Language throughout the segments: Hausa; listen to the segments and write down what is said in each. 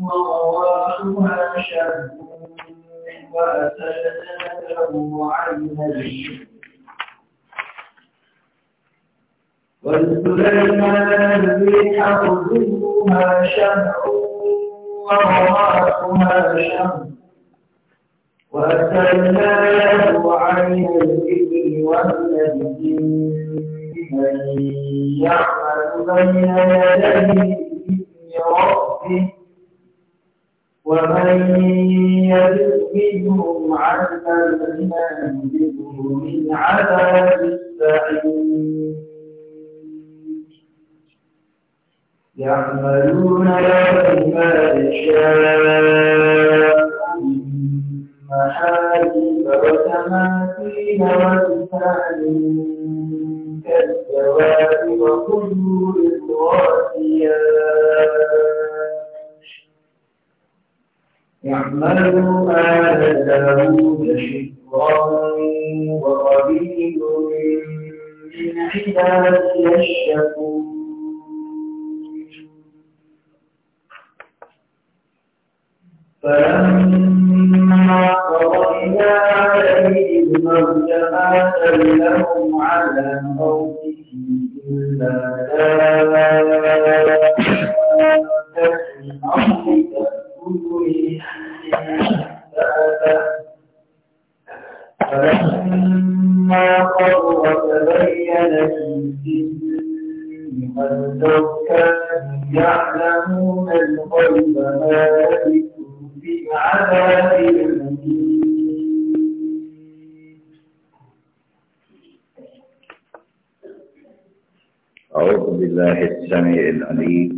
ورواحها شر وأسلنا له عين الشر والسليمان الريح غزوها شمع ورواحها شمع وأسلنا له عين الإبل والذي من يعمل بين يديه بإذن ربه ومن يرد منهم عن الإيمان من عذاب السعير يعملون له ما يشاء محارب وتماثيل وجفان كالجواب وكل الغاسيات اعملوا آل داود شكرا وقليل من عبادي الشكور فلما قضينا عليه الموت ما دلهم على موته إلا دابة الأرض فلما قر تبين الجن واللو كانوا يعلمون الغيب ما لبثوا في عذاب المهين أعوذ بالله السميع العليم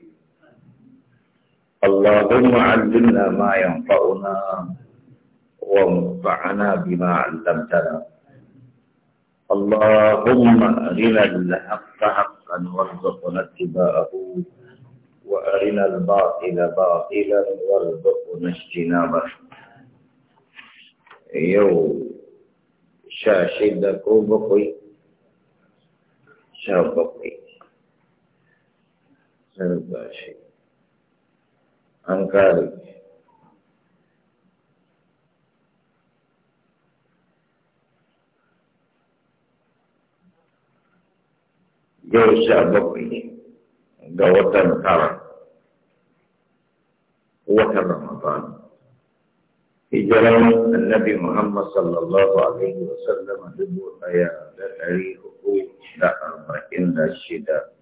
اللهم علمنا ما ينفعنا وانفعنا بما علمتنا اللهم أرنا الحق حقا وارزقنا اتباعه وأرنا الباطل باطلا وارزقنا اجتنابه يو شاشد كوبقي شاوبقي شاشد an kare yau sha bakwai ga watan tara watan ramadan hijiran annabi muhammad sallallahu alaihi wa sallama dubu daya da dari hudu da arba'in da shida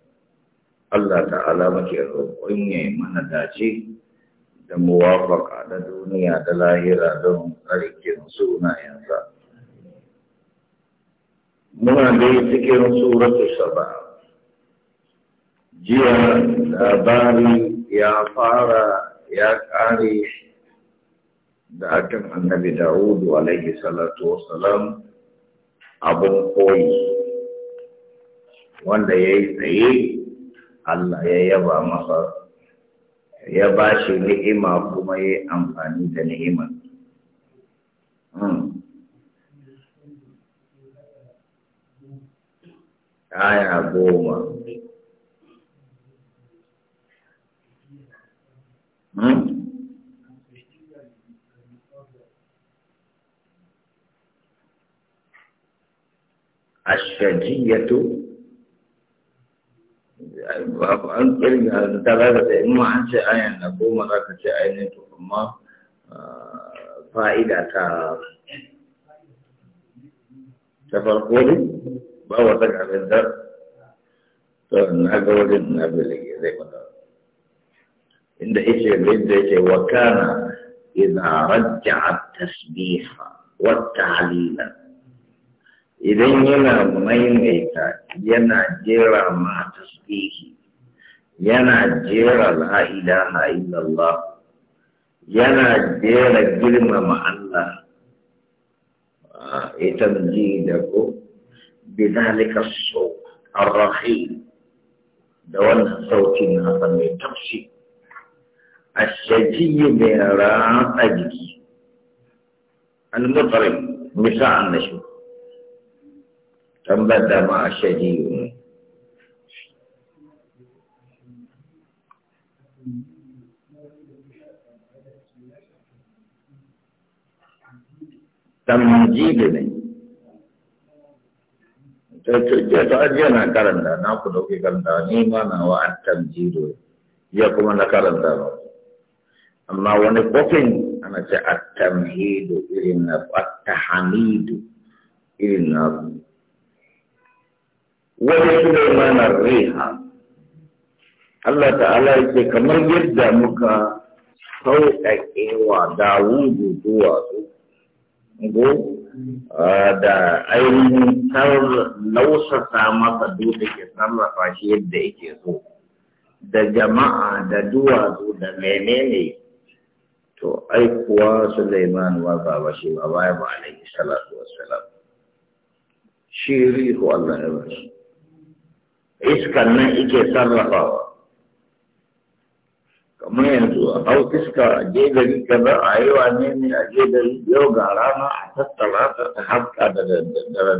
Allah ta'ala muke roƙon ya mana dace da muwafaka da duniya da lahira don tsarkin sunayensa. Muna dai cikin suratu saba. Jiya labari ya fara ya ƙare da akan annabi Dawudu alaihi salatu wasalam abin koyi wanda ya yi tsaye Allah ya yaba masa ya ba shi ni'ima kuma ya amfani da ni'imar. Hmm. Aya goma. Hmm. Ashajiyatu abu an kirga da za ka in ma an ce ayan da goma za ka ce ainihin to amma ah, fa'ida ta ta farko ne ba wata kafin zar to na ga wajen na biligi zai mata inda yake da yake wa kana idza rajja'a tasbiha wa ta'lila idan yana maimaita yana jera ma tasbihi yana jera la ilaha illallah yana jera girmama Allah تمجيدك بذلك الصوت الرخيم دون صوتنا من تمشي الشجي من راتجك المطرب مساء النشو تنبدى مع الشجي tamjid ne to ajiya na karanta na ku dauke karanta ni ma na wa an ya kuma na karanta ba amma wani bokin ana ce a tamhido irin na attahamidu irin na wani mana riha Allah ta'ala yake kamar yadda muka sauƙaƙe wa Dawudu duwatsu go da ainihin lausasa masa duka ke sarrafa shi yadda yake so da jama'a da duwatsu da menene to ai kuwa laiman wa ba shi ba baya ba alaihi salatu salam. shi rihu Allah ya bashi iskan nan ike sarrafawa kamar yanzu a hau iska a gari kaza a yi wa ne a je gari yau ga rana a tattara ta haska da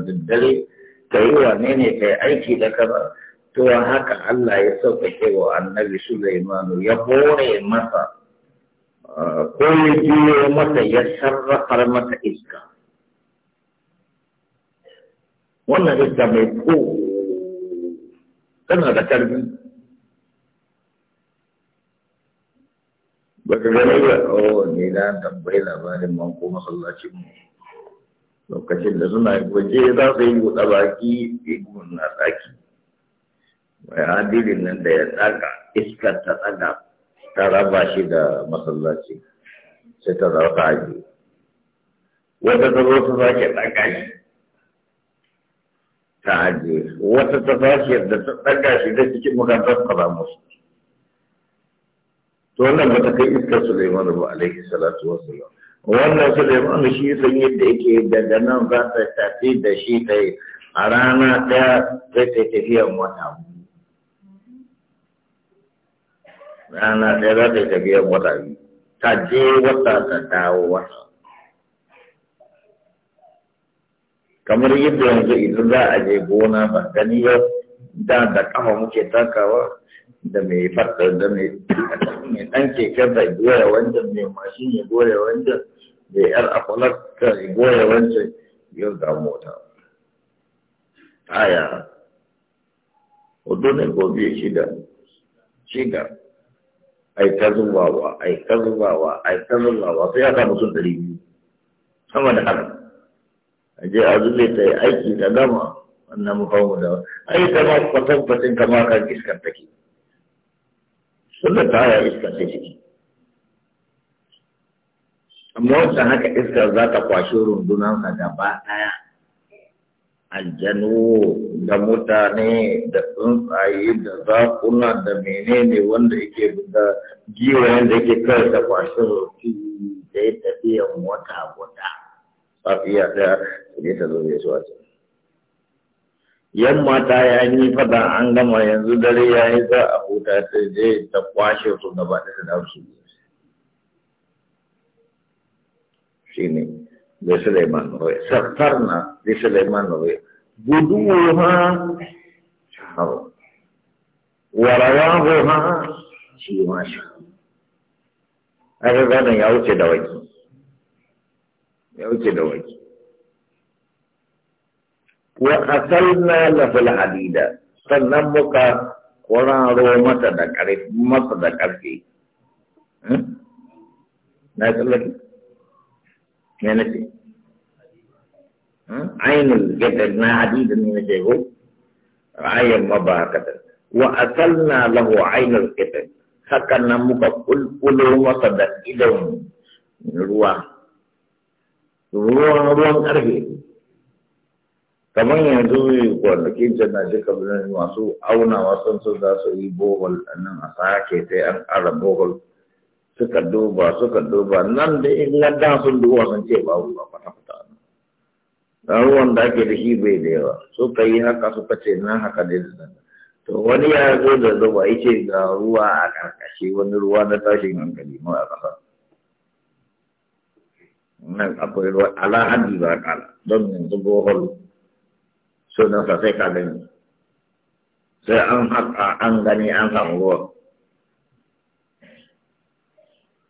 daddare ka yi wa ne ka yi aiki da kaza to haka Allah ya sauƙaƙe wa annabi imanu ya bore masa ko ya biyo masa ya sarrafar masa iska wannan iska mai ko tana da karfi baka gani ba oh ne na tambayi labarin man ko masallacin mu lokacin da suna waje za su yi buɗa baki egun na tsaki mai adilin nan da ya tsaka iskar ta tsaga ta raba shi da masallaci sai ta zama ta haji wata ta zo ta sake tsaka shi ta haji wata ta sake da ta tsaka shi da cikin makarantar ta musu to wannan ba ta kai iskar Sulaiman ba alaihi salatu wa sallam wannan Sulaiman shi san yadda yake daga nan za ta tafi da shi ta yi a rana ɗaya zai ta tafiyan wata rana ɗaya za ta tafiyan wata biyu ta je wata ta dawo wata kamar yadda yanzu idan za a je gona ba gani ba da da kafa muke takawa da mai fata da mai dan keken da goya wancan mai mashin ya goya wancan mai yar akwalarka ya goya wancan yau ga mota taya hudu ne ko biyu shida shida ai ta zubawa ai ta zubawa ai ta zubawa sai ya samu sun dari biyu sama da haka a je a zube ta yi aiki da gama wannan mu da ai ta ma kwatankwacin kama kan iskar take ta taya iska ta jiki amma wancan haka iska za ta kwashe rundunansa gaba ɗaya aljanu da mutane da tsuntsaye da zakuna da menene wanda yake da giwayen da yake kai ta kwashe rufi da ya tafiyan wata guda safiya ɗaya ne ta zo ya zuwa yamma ta yi yi fada an gama yanzu dare ya yi za a huta ta je ta kwashe su gaba da ta dawo su shi ne da Suleiman Nuri safar na da Suleiman Nuri guduwa shahar warawa ma shi ma shi a ga ya wuce da waki ya wuce da waki وغسلنا له الحديد سنمك ولا روما تذكر ما تذكر في ناس لك من عين الجدل ما عديد من شيء عين رأي مباركة وأكلنا له عين الكتب خكنا مك كل كل روما تذكر إذا روا روا روا kamar yanzu kwanakin can na duka masu aunawa sun sun za su yi bohol a nan a sake sai an ƙara bohol suka duba suka duba nan da in da sun duba sun ce ba ruwa kwata kwata na ruwan da ake da shi bai da yawa suka yi haka suka ce nan haka ne da nan to wani ya zo da zuba ya ce ga ruwa a karkashi wani ruwa na tashin hankali ma a ƙasa nan akwai ruwa ala hadi ba kala don yanzu bohol sunansa sai ka gani sai an haka an gani an samu ruwa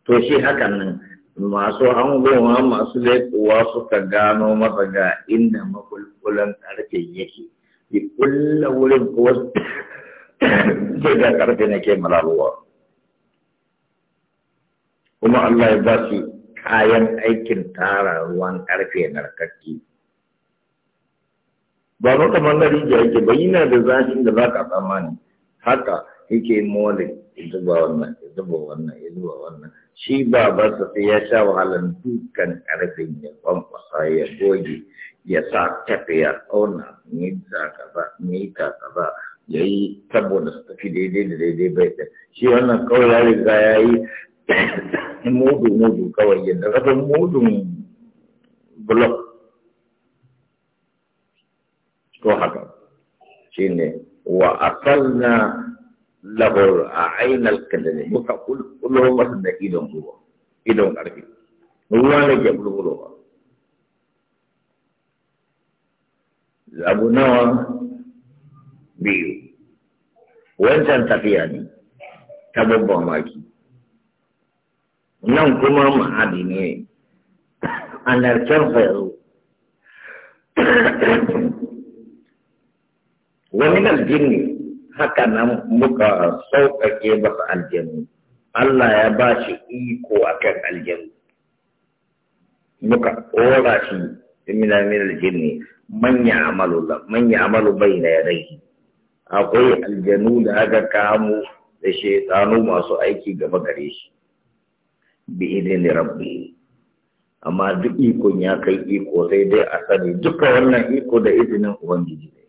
to shi hakan nan masu hangowa masu laifuwa suka gano masa ga inda makulkulan karfe yake ya kulla wurin kuwa sai ga karfe na ke malaruwa kuma Allah ya ba su kayan aikin tara ruwan karfe narkakki ba ruwa kamar na rijiya yake ba yana da zafin da za ka tsammani haka yake mole ya zuba wannan ya zuba wannan ya zuba wannan shi ba ba sa sai ya sha wahalar dukkan karfin ya kwamfasa ya goge ya sa tafiya auna ne ta kaza ne ta kaza ya yi saboda su tafi daidai da daidai bai da shi wannan kawai ya riga ya yi mudu mudu kawai yadda rabin mudun blok to haka shine wa asalna lahu ainal kadani muka kullo masa da idon ruwa idon karfi ruwa ne ke bulbulo ba abu nawa biyu wancan tafiya ne ta babban maki nan kuma ma'adi ne anarkar wani nan jini haka na muka sauƙaƙe ba su aljanu Allah ya ba shi iko a kan aljanu muka ƙora shi in mina mina jini manya amalu bai na ya akwai aljanu da aka kamo da shekaru masu aiki gaba gare shi bi ile ne rabbi amma duk ikon ya kai iko sai dai a sani duka wannan iko da izinin ubangiji ne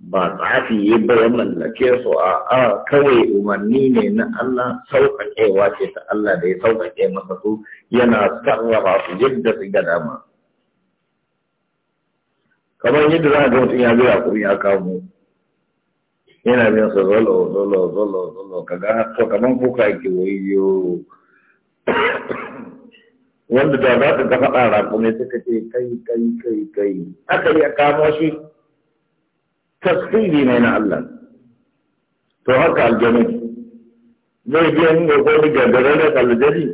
ba tsafi ya bayan mallake su a kawai umarni ne na Allah sauƙaƙewa ce ta Allah da ya sauƙaƙe masa su yana sarrafa su yadda su ga dama kamar yadda za a ga mutum ya zo ya kuri ya kamo yana biyan su zolo zolo zolo zolo ka kaga to kamar kuka yake wayo wanda da za ka ga faɗa rakumai suka ce kai kai kai kai aka a kamo shi tasiri ne na Allah to haka aljanu zai biya in ga gwani gandara na aljani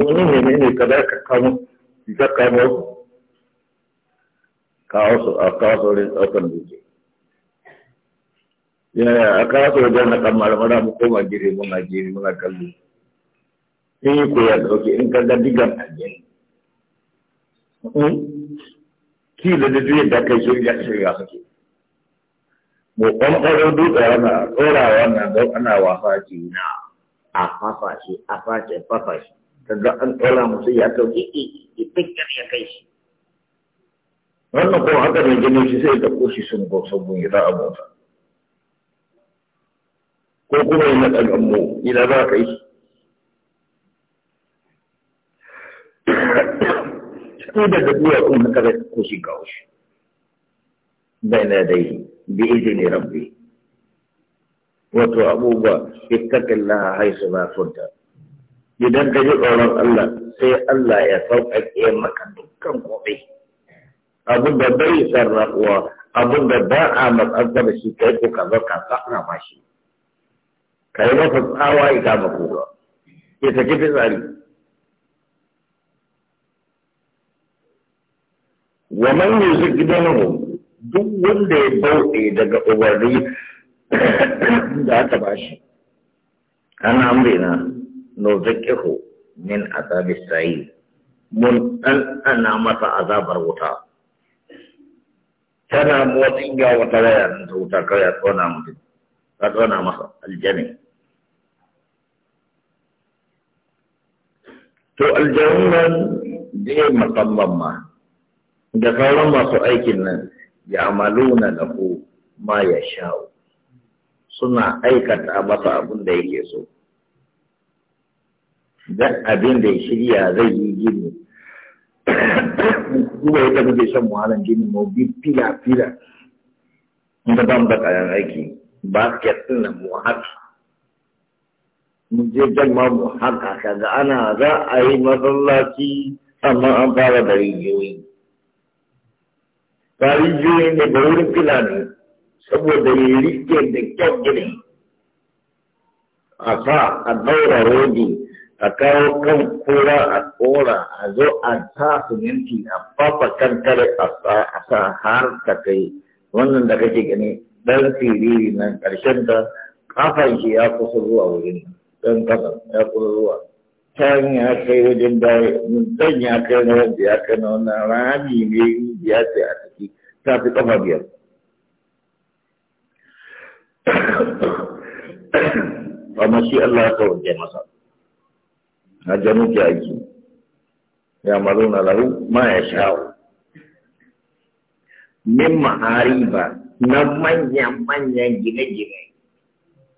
wani ne ne ne kada ka kamo ka kamo kawo su a kawo su saurin ɗaukar duke yaya a kawo su wajen na kamar mara mu koma gire muna gire muna kallo in yi koya ɗauke in ka ga digan aljani hmm? kila da duk da kai shi ya suke mu ɓanɓaro dutse wannan tsora wannan don ana ji na a fafa shi a face fafa shi kaga an tsora musu ya sauke ifikar eh, eh, eh, ya kai shi wannan ko haka ne gini shi sai ta koshi sun go sabon ya za a mota ko kuma yana ɗagan mu ina za ka yi da daga duwatsun haka zai ko shi kawo shi bai na dai bi izini rabbi wato abubuwa ittakin laha haisu ba furta idan ka ji tsoron Allah sai Allah ya sauƙaƙe maka dukkan komai abin da bai sarrafuwa abin da ba a matsanta da shi kai ko ka zo ka sarrafa shi ka yi masa tsawa ya kama kowa ya saki fitsari wa man yuzik minhu duk wanda ya bauɗe daga umarni da aka bashi an amrina no zakihu min azabi sa'i mun dan ana masa azabar wuta tana motsin ya wata waya nan ta wuta kawai a a to aljanin nan zai ma da sauran masu aikin nan ya maluna lahu ma ya sha'u suna aikata masa abin da yake so dan abin da ya shirya zai yi gini duba ita muke shan wahalar gini ma bi fila fila inda ba mu da kayan aiki basket din nan mu haka mu je ma mu haka kaga ana za a yi masallaci amma an fara da rijiyoyi Bayi ne ga wurin fila ne saboda ya rike da kyau gini. A sa a daura rodi a kawo kan kura a tsora a zo a sa siminti a fafa kankare a sa har ta kai wannan da kake gani dan siriri nan karshen da kafan shi ya kusa zuwa wurin ɗan kasan ya kusa zuwa can ya kai wajen da dan ya kai na wanda ya kai na wannan rami ne ya tsaye a ciki ta fi ƙafa biyar amma shi Allah ya ke masa na janu ke aiki ya na lahu ma ya sha'u min ba na manyan-manyan gine-gine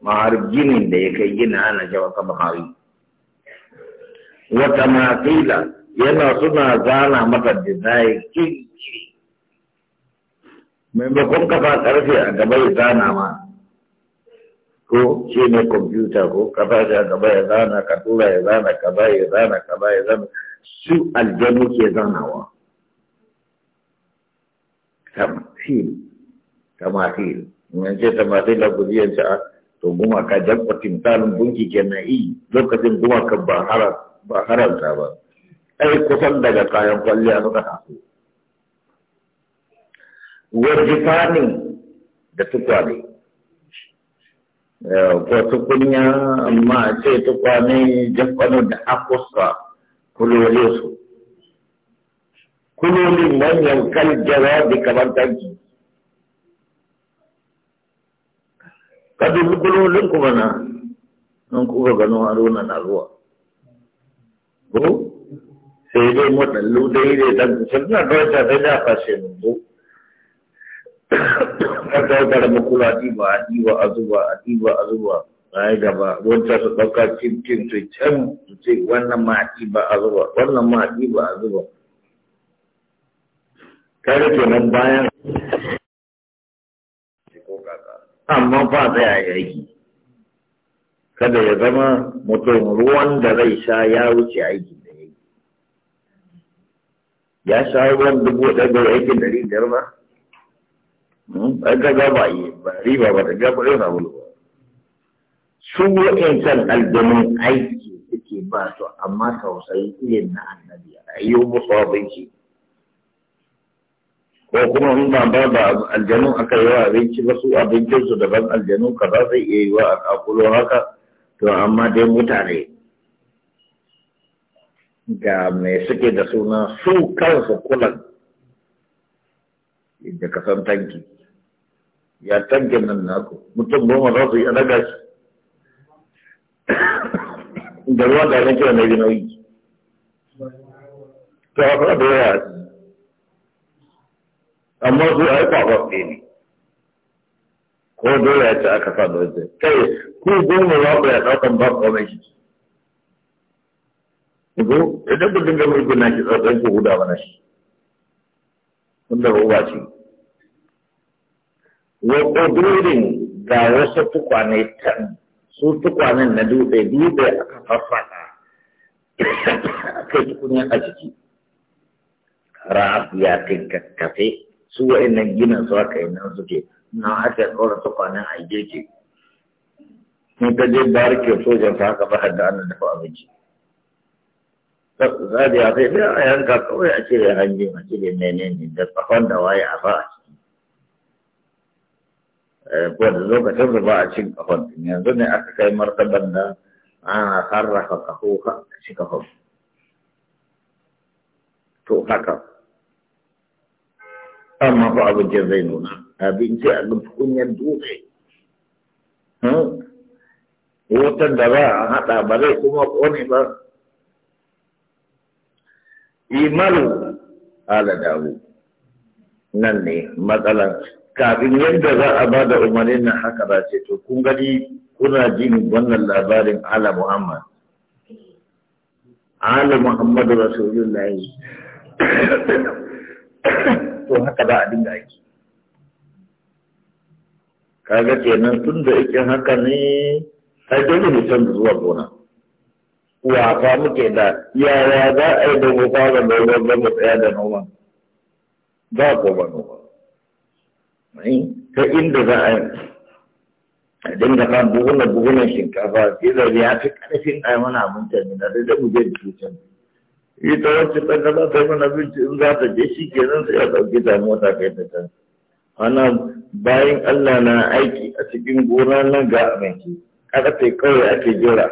ma'ar ginin da ya kai gina ana jawa ka wata matsila yana suna zana mata design kiri maimakon kafa karfe a gaba ya zana ma ko shi ne kwamfuta ko kafa shi a gaba ya zana ka tura ya zana ka ba ya zana ka ba ya zana su aljanu ke zanawa tamfil tamfil in ce tamathil a gujiyar ta ah, to gumaka jabba timtalin bunki kenan yi lokacin ka ba haranta ba ai kusan daga kayan kwalliya suka taso wajifani da tukwane eh, ko tukunya amma ce tukwane jafano da akusa kulole su kulolin manyan kal jawabi kamar tanki kadin kulolin kuma na nan kuka gano haruna na zuwa sai dai mu dallu dai dai ta sunna doita sai da fashe mu ka daukar makula ɗiba a ɗiba a zuba a ɗiba a zuba ai gaba wancan su dauka cin cin su can su ce wannan ma a ɗiba a zuba wannan ma a ɗiba a zuba kare nan bayan amma ba zai a aiki kada ya zama mutum ruwan da zai sha ya wuce aiki ya shawo ruwan dubu ɗaya ga aikin ɗari biyar ba hmm, a gaga ba yi ba riba ba da gaba ɗaya sabulu ba su wa'incan aljamin aiki suke ba su amma tausayi irin na annabi a yi musu abinci ko kuma in ba ba ba aljanu aka yi wa abinci ba su abincinsu daban aljanu kaza zai iya yi wa a kakulo haka to amma dai mutane ga mai suke da suna su kansu kulan inda ka san tanki ya tanki nan naku mutum goma za su yi alaga shi da ruwa da yanki kiran na yi nauyi ta haka da yawa amma su a yi kwakwafe ne ko dole ya ce aka sa da wajen kai ku goma za ku ya ɗaukan ba ku mai shi ko idan ku dinga mulkin na ki tsatsan ku huda mana shi wanda ruwa ce wa ƙudurin ga wasu tukwane su tukwanen na dutse dutse aka faffaka kai tukunyar a ciki. ra'af ya kai kakkafe su wa'annan gina su aka yi nan suke na aka ɗora tukwanen a girki in ta je barkin sojan ta haka ba da ana dafa abinci zaɓi a sai sai a yanka kawai a cire hanjin a cire menene da tsakon da waye a ba a ciki eh, wanda lokacin da ba a cin kafon yanzu ne aka kai martaban da ana sarrafa kafo ka a ci kafon to haka amma fa abincin zai nuna abinci a kunyar dutse hmm? wutar da ba a haɗa ba zai kuma kone ba imanu ala dawo nan ne matsalan kafin yadda za a ba da umarnin nan haka ba ce to kun gani kuna jin wannan labarin ala muhammad ala muhammadu rasulullahi to haka ba a dinga aiki kaga kenan tun da yake haka ne sai dole ne canza zuwa gona wasa muke da yaya za a yi da mu da noma zama mu tsaya da noma ba ko ba noma ta inda za a yi a dinga kan buhunan buhunan shinkafa sai da ya fi karfin a mana abinci ne na da mu je da yi ta wacce ta ga za ta yi mana abinci in za ta je shi kenan sai a ɗauki ta mota kai ta can ana bayan Allah na aiki a cikin gona nan ga abinci aka sai kawai ake jira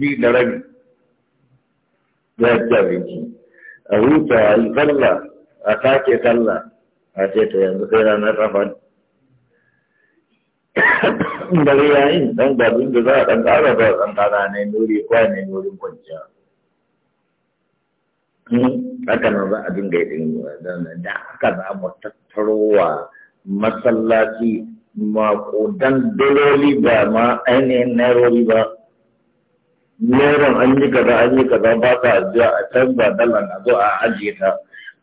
bi da rabi ya ci abinci a huta a yi sallah a take sallah a ce ta yanzu sai ranar rafan bari yayin dan gabin da za a dan kara ba dan kara ne nuri kwa ne nuri kwanciya hmm, haka nan za a dinga yin da haka za mu tattarowa masallaci makudan daloli ba ma ainihin naroli ba neran an yi kaza an yi kaza ba ta ajiya a can ba dala na zo a ajiye ta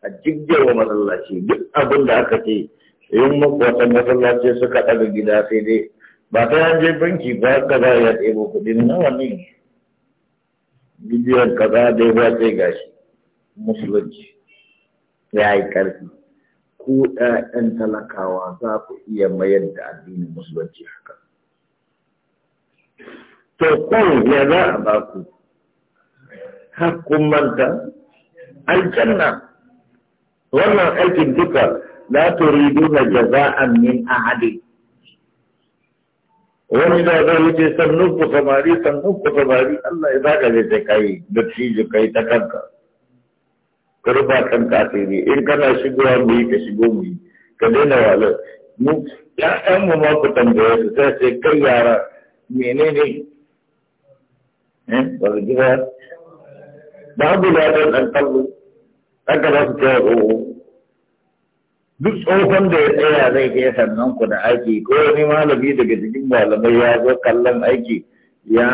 a jiggewa masallaci duk abin da aka ce yin makwata masallaci suka ɗaga gida sai dai ba ta yan je banki ba ka za ya ɗebo kuɗin nawa ne bidiyon kaza dai ba sai gashi musulunci ya yi ƙarfi ku talakawa za ku iya mayar da addinin musulunci haka to kun ya za a ba ku hakkun manta aljanna wannan aikin duka la turiduna jaza'an min ahadi wani da zai wuce sannu ku samari sannu ku samari Allah ya zaka zai sai kai da tiji kai ta kanka ka kanka ta yi in kana shigowa mu yi ka shigo mu yi ka daina walar mu ya'yan mu ma ku tambaye su sai sai kai yara menene ba su gida babu ɗan kallo ɗaga ba su duk tsohon da ya tsaya zai je sannan ku da aiki ko wani malami daga cikin malamai ya zo kallon aiki ya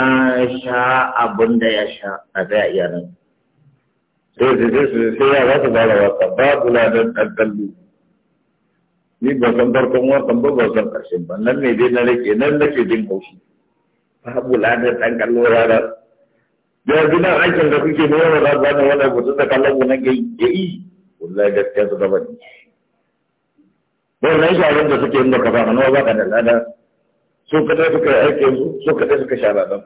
sha abin da ya sha a zai iya nan sai sai sai su sai ya ba su fara ba babu ladan ɗan kallo ni ba san farkon wata ba ba san ƙarshen ba nan ne dai na rike nan nake jin haushi babu ladan ɗan ya da da nan aikin da kuke ne yawan rabuwa ne wanda mutum da kallon mu nan gai ya yi wallahi gaskiya su gaba ne wannan shawarar da suke yin da kafa mana ba ka da lada su kadai suka yi aikin su su kadai suka shara dan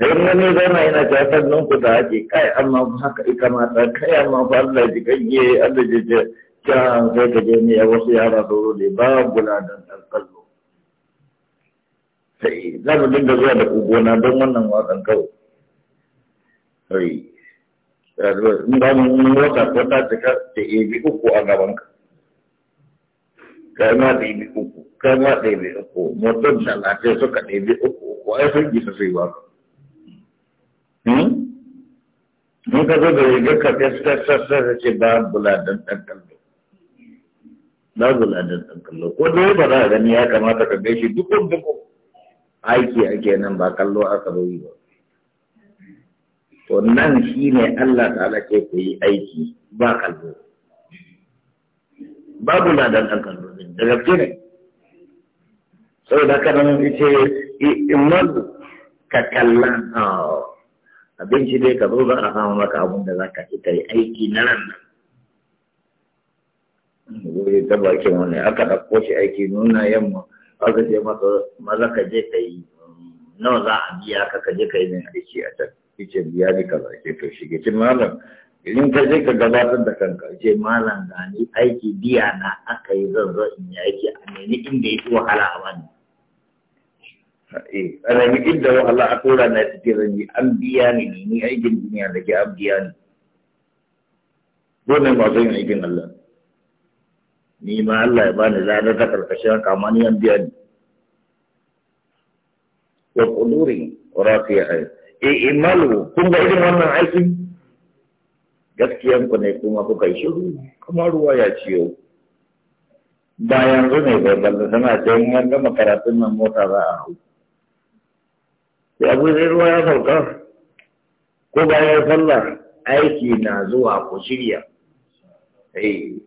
sai wani zama yana ta sannan ku da ake kai amma ku haka ya kamata kai amma fa Allah ji ganye Allah ji ji can sai ka je ne ya wasu yara doro ne babu ladan dan kallo sai za mu dinga zuwa da ku gona don wannan wasan kawai sai in ba mu yi wata ko ta cika da ebi uku a gaban ka kama ma da ebi uku kama ma da ebi uku da lafiya suka ebi uku uku ai sun gisa sai ba ka hmm? in ka zo da rigar ka fesfesfes ce ba buladen ɗan kallo ba buladen ɗan kallo ko dai ba za a gani ya kamata ka gaishe dukkan dukkan aiki ake nan ba kallo aka bai ba to nan shi ne Allah ta'ala ke ku yi aiki ba kallo babu na dan ɗan kallo ne da gaske ne da ka nan ce imman ka kalla abinci dai ka zo za a samu maka abin da za ka ci ka yi aiki na nan nan gobe ta bakin wani aka ɗauko shi aiki nuna yamma aka ce masa maza ka je ka yi nawa za a biya ka ka je ka yi min aiki a can ce biya ni kaza ce to shige ce malam in ka je ka gabatar da kanka ce malam da ni aiki biya na aka yi zan zo in yi aiki a nemi inda ya fi wahala a wani eh, a nemi inda wahala a tura na tafi zan yi an biya ni ni aikin duniya da ke an biya ni dole masu yin aikin Allah ni ma Allah ya bani ladar ta karkashin an biya ni wa rafiya ai e eh, imalu eh, kun ga irin wannan aiki gaskiyan ku ne kuma kuka yi shiru kuma ruwa ya ciyo ba yanzu ne bai balla tana ce in an gama karatun nan mota za a hau ya bu ruwa ya sauka ko bayan sallah aiki na zuwa ku shirya eh.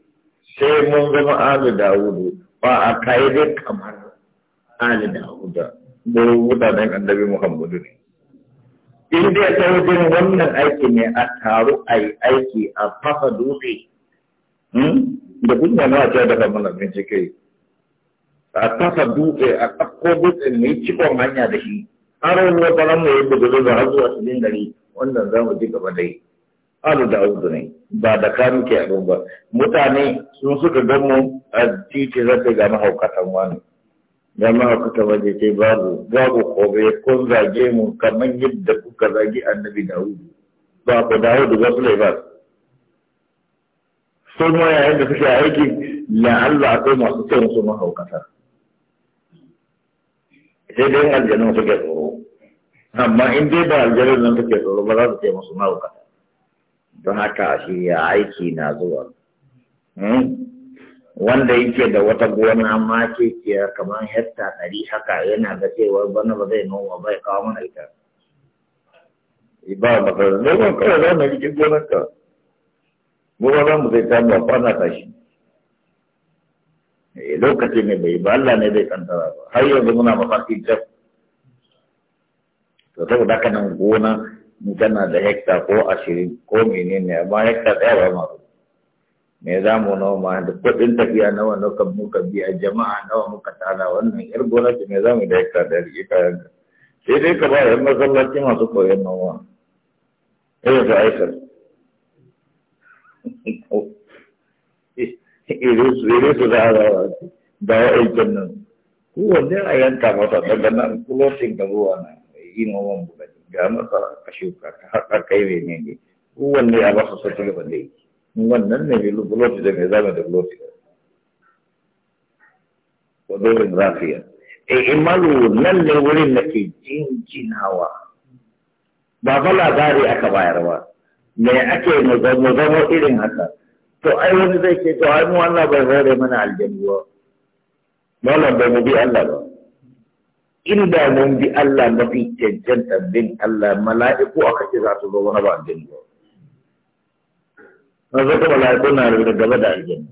sai mun zama alu dawudu ba a kai dai kamar alu dawuda mu mutanen annabi muhammadu ne in dai ta wajen wannan aiki ne a taru a yi aiki a fafa dutse hmm? da kunya ma ta dafa mana bincike a fafa dutse a ɗauko dutse mai cikon hanya da shi har wani wata ranar ya yi da har zuwa cikin gari wannan za mu ji gaba da alu da audu ne ba da ka ke abin ba mutane sun suka gan mu a titi za ga mahaukatan wani ga mahaukatan waje ce babu babu kobe kun zage mu kamar yadda kuka zage annabi Dawud ba ku Dawud ba su ba sun ma yayin da suke aiki Allah akwai masu ce musu mahaukata sai dai aljanun suke tsoro amma in dai ba aljanun nan suke tsoro ba za su ce musu mahaukata don haka shi aiki na zuwa hmm? wanda yake da wata gona ma ke kamar hekta ɗari haka yana da cewa bana ba zai noma bai kawo mana ita ba ba ka zai ban kawai za mu rikin gonar ka gobe za mu zai ta ba kwana ta shi eh, lokaci ne bai ba Allah ne bai kantara ba har yanzu muna mafarki jaf to saboda haka nan gona magana da hekta ko ashirin ko menene amma hekta ɗaya ba ma me za mu noma da kuɗin tafiya nawa nawa muka biya jama'a nawa muka tara wannan yar gona ce me za mu da hekta da rike kayan sai dai ka ba da yan masallaci masu koyon noma irin su aikar irin su za a zawa da wa'ancan nan kowanne a yanka masa daga nan kulotin da ruwa na yi noman bukatu ga masa a shuka ka kai mai ne ne wanne a ba su sun ci gaba da yi wannan ne bilu buloti da mai zama da buloti da wadorin rafiya e eh, imalu nan ne wurin da ke jinjinawa ba fa dare aka bayar ba me ake mu zama irin haka to ai wani zai ce to ai mu Allah bai zare mana aljanna ba malam da mu bi Allah ba inda mun bi Allah mafi cancan bin Allah mala'iku aka ce za su zo wani ba aljanna na zaka mala'iku na da gaba da aljanna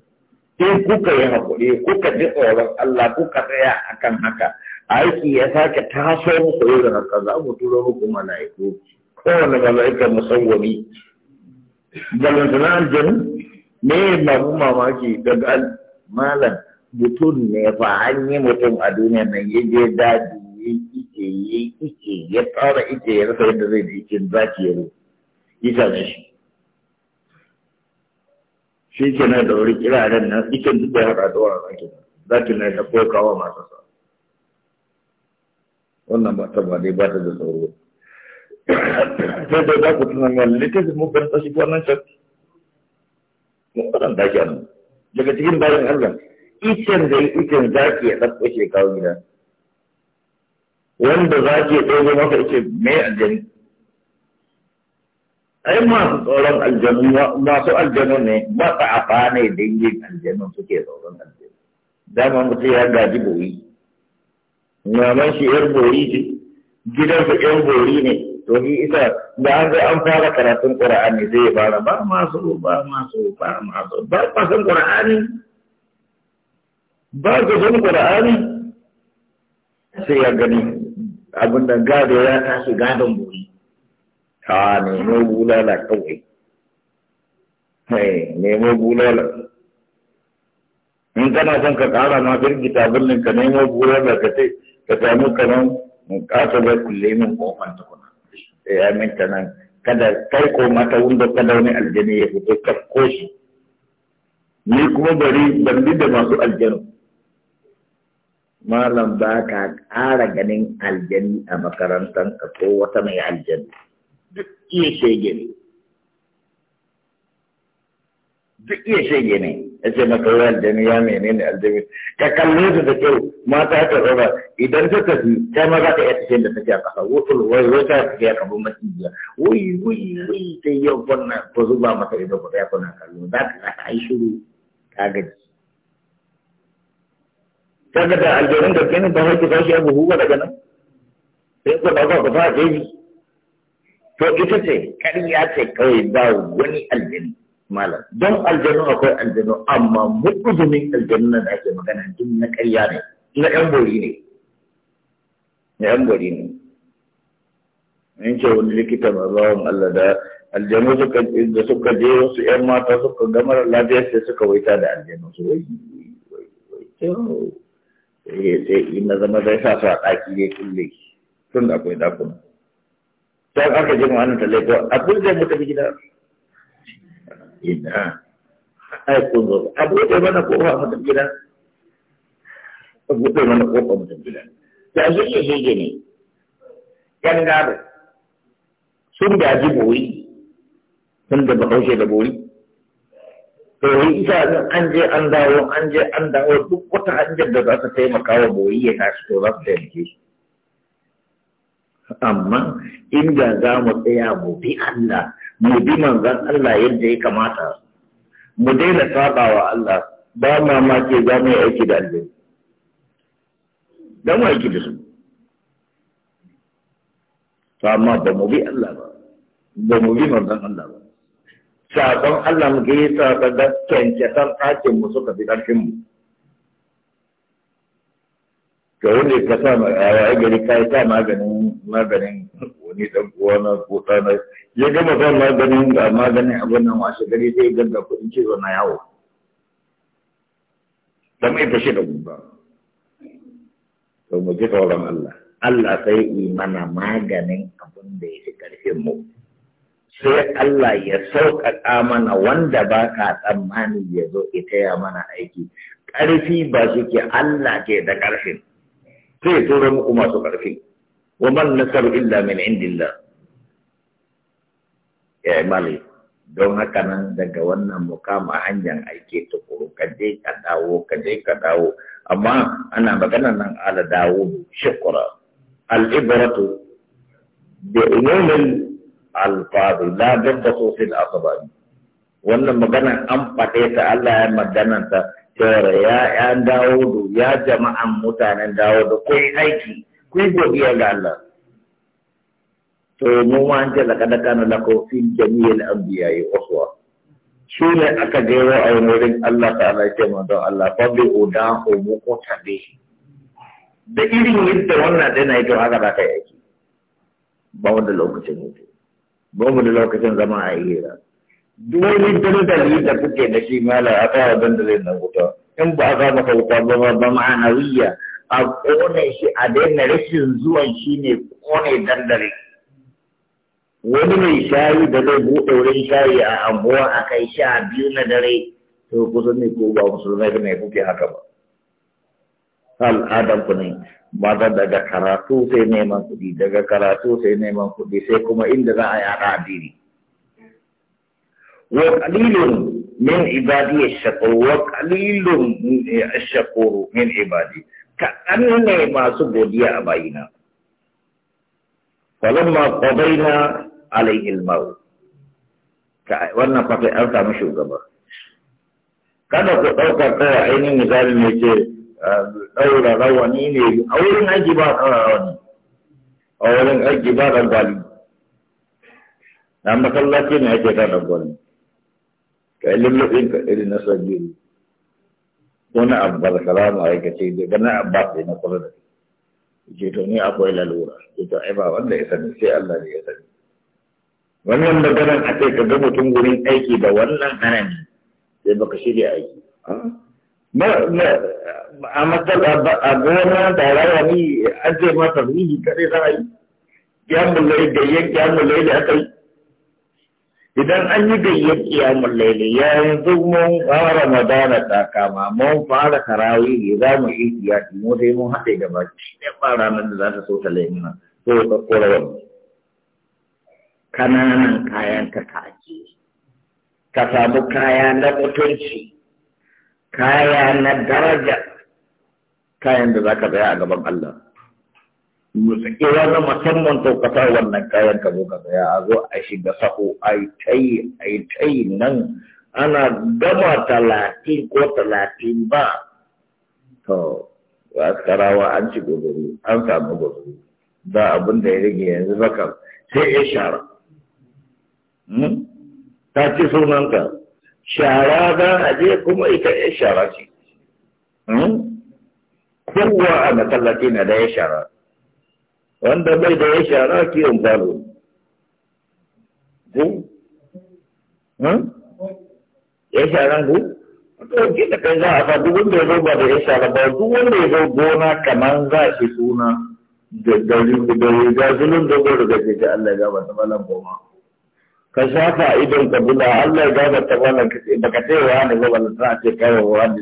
sai kuka yi haƙuri kuka ji tsoron Allah kuka tsaya kan haka aiki ya sake taso muku yau da haka za mu turo muku mala'iku kowane mala'ika musawwami balantana aljanna me babu mamaki daga malam mutum ne fa an yi mutum a duniya nan ya je daji ya ike ike ya ike ya rasa yadda zai da shi shi ke da wuri nan duk da da na masu sa wannan ba ta ba dai ba ta da sai za ku tuna mu mu nan daga cikin bayan Allah icen da icen zaki ya ɗauko shekaru gida wanda za ki ɗauko maka ce me aljani ai masu tsoron aljanu masu aljanu ne matsa'afa ne dangin aljanu suke tsoron aljanu dama mutu ya gaji boyi maman shi yan boyi ce gidansa yan boyi ne to ni isa da an zai an fara karatun qur'ani sai ya fara ba masu ba masu ba masu ba ka san qur'ani ba ka san qur'ani sai ya gani abin da gado ya tashi gadon buri ta nemo bulala kawai nemo bulala in kana son ka kara ma birgita birnin ka nemo bulala ka ce ka samu kanan kasa ba kulle min kofan tukuna ya minta nan kada kai ko mata wunda kada wani aljani ya fito ka koshi ni kuma bari ban da masu aljanu malam ba ka ƙara ganin aljani a makarantar ka ko wata mai aljani duk iya shege ne duk iya shege ne ya ce maka wai aljani ya mene ne aljani ka kalli su da kyau mata ta roba idan ta tafi ta ma za ta iya tafiyan da take a ƙasa wutul wai wai ta tafi a kafin jiya. wai wai wai ta yau kwanna ko zuba mata ido ko ta kuna kallo za ka ta yi shiru ta gaji kaga da aljanun da kenan ba sai sashi ya buhu daga nan sai ko ba ku fa dai to ita ce kariya ce kawai ba wani aljanu malam don aljanu akwai aljanu amma mu'uzumin aljanu na da ake magana duk na ƙarya ne na ƴan bori ne na ƴan bori ne in ce wani likita mai bawan Allah da aljanu suka da suka je wasu ƴan mata suka ga mara lafiya sai suka waita da aljanu su wai wai wai Eh, sai sai yi maza maza ya sa su a ɗaki ya kulle tun da akwai dakuna don aka ji ma'anin talaiko abin zai mutu bi gida ina ai kun zo abin zai mana kofa mutu gida abin zai mana kofa mutu gida da zai iya shege ne yan gado sun gaji bori sun da bahaushe da bori to yi isa an je an dawo an je an dawo duk wata hanyar da za ta taimaka wa boyi ya tashi to za su taimake shi amma inda za mu tsaya mu bi Allah mu bi manzan Allah yadda ya kamata mu daina saba wa Allah ba mamaki za mu yi aiki da aljanu don mu aiki da su to amma ba mu bi Allah ba ba mu bi manzan Allah ba sakon Allah mu gaisa ta da kyankyasan ɗakin mu suka fi ƙarfin mu ga wanda ka sa ma a gari ka yi sa maganin maganin wani ɗan uwa na kuta na ya gama sa maganin ga maganin abin nan washe gari zai ganga kuɗin cizo na yawo dan mai fashe da gumba to mu ji tsoron Allah Allah sai imana maganin abin da ya fi ƙarfin mu sai Allah ya sauƙaƙa mana wanda ba ka tsammani ya zo ita ya mana aiki ƙarfi ba su ke Allah ke da ƙarfin sai tura muku masu ƙarfi wa man nasaru illa min indilla, ya mali don haka nan daga wannan mukama hanyar ta tukuru ka je ka dawo ka je ka dawo amma ana magana nan ala dawo shukura Al'ibaratu da inomin alfazu la dabbasu da asbab wannan magana an faɗe ta Allah ya maganan ta tare ya ƴan Dawudu ya jama'an mutanen Dawudu da kai aiki ku godiya ga Allah to mu ma an ce laqad kana ko fi jami'il yi uswa shi ne aka jero a wurin Allah ta'ala ya ce don Allah fa bi ta muqtabi da irin yadda wannan dana to haka ba kai aiki ba wanda lokacin ne ba mu da lokacin zama a hira duk wani dandali da kuke da shi mala a kawo dandalin na wuta in ba a za maka wuta ba ba ba ma'anawiya a kone shi a daina rashin zuwan shi ne kone dandalin wani mai shayi da zai buɗe wurin shayi a anguwa a kai sha biyu na dare to kusan ne ko ba musulmai ne kuke haka ba al'adan ku ne maza daga karatu sai neman kuɗi daga karatu sai neman kuɗi sai kuma inda za a yi haɗa addini wa qalilun min ibadi ash-shakur wa qalilun ash-shakur min ibadi ka ne masu godiya a bayina falamma qadayna alayhi al-maut wannan fa an samu shugaba kada ku ɗauka kai, ainihin misali ne ce ɗaura rawani ne a wurin aiki ba ɗaura rawani a wurin aiki ba ɗan gwali na masallaci ne ake ta ɗan gwali ka lullubin ka irin na sabiru wani abu ba da salamu a aikace daga na abbas ne na kula da ce to ni akwai lalura ce to ai ba wanda ya sani sai Allah ne ya sani wannan maganar a sai ka ga mutum gurin aiki da wannan harami sai baka shirya aiki ah, a matsal a gona da rawani an ce masa rihi kare za a yi kyamun lai da yan kyamun lai da aka yi idan an yi da yan kyamun lai da yanzu mun fara madana ta kama mun fara karawi ne za mu yi kiyaki mu sai mun haɗe da baki ne ba ranar da za ta so ta laimina so ka kora wani kananan kayan ka ka ka samu kaya na mutunci kaya na daraja kayan da za ka tsaya a gaban Allah musakira na musamman taukatar wannan kayan ka zo ka tsaya a zo a shiga saho a yi tayi a yi tayi nan ana gama talatin ko talatin ba to ba karawa an ci gobe an samu gobe ba abin da ya rage yanzu baka sai ya shara hmm? ta ce sunanta. shara za a je kuma ita ya shara ce hmm? kowa a masallaci na da ya shara wanda bai da ya shara kiyon ku hmm? hmm? ya shara ku ɗauki da kai za a fa duk wanda ya zo ba da ya shara ba duk wanda ya zo gona kamar za shi suna da gari da gari da zulun da gori da ke Allah ya ba ta malam goma. ka shafa a idon ka bula Allah ya gaba ta bala ba ka ce wa ne ba bala tana ce kawai wa ne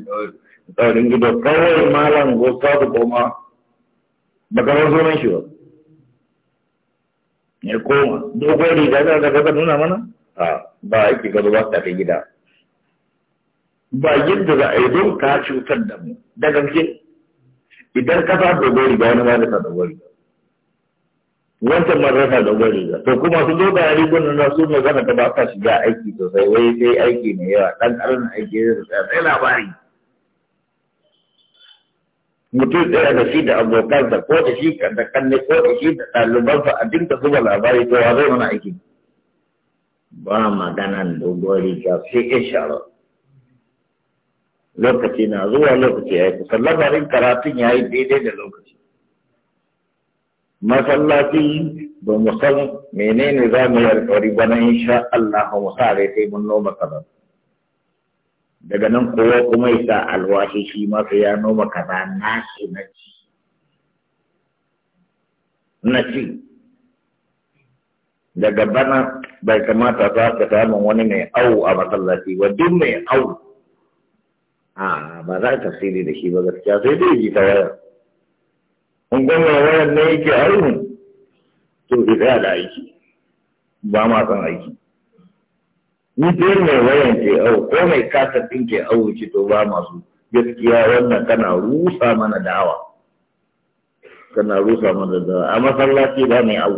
tsaurin gido kawai malam gosa da koma ba ka wasu nan shi ba ya koma dogon riga da daga ka nuna mana a ba a ki gaba ba ta gida ba yadda za a yi don ka cutar da mu daga ke idan ka sa dogon riga wani ba da ka dogon riga wancan ma zai sa dogon riga to kuma su da rigunan na su magana ta ba ka shiga aiki sosai wai sai aiki mai yawa Dan ƙarin aiki zai tsaya sai labari mutum tsaya da shi da abokansa ko da shi da kanne ko da shi da ɗalibansa a dinka zuba labari to wa zai mana aiki ba maganan dogon riga sai ishara lokaci na zuwa lokaci ya yi kusan labarin karatun ya yi daidai da lokaci masallaci ba mu san menene za mu yi alkawari ba na insha Allah mu sa sai mun noma kaza daga nan kowa kuma ya sa alwashi shi ma sai ya noma kaza na shi na ci na ci daga bana bai kamata za ka samun wani mai au a masallaci wa duk mai au a ba za ka tafsiri da shi ba gaskiya sai dai ji ta wayar in gama wayan ne yake aihun to ki tsaya da aiki ba ma san aiki ni dai mai wayan ke au ko mai kasar ɗin ke au ki to ba masu gaskiya wannan kana rusa mana da'awa kana rusa mana da'awa a masallaci ba mai au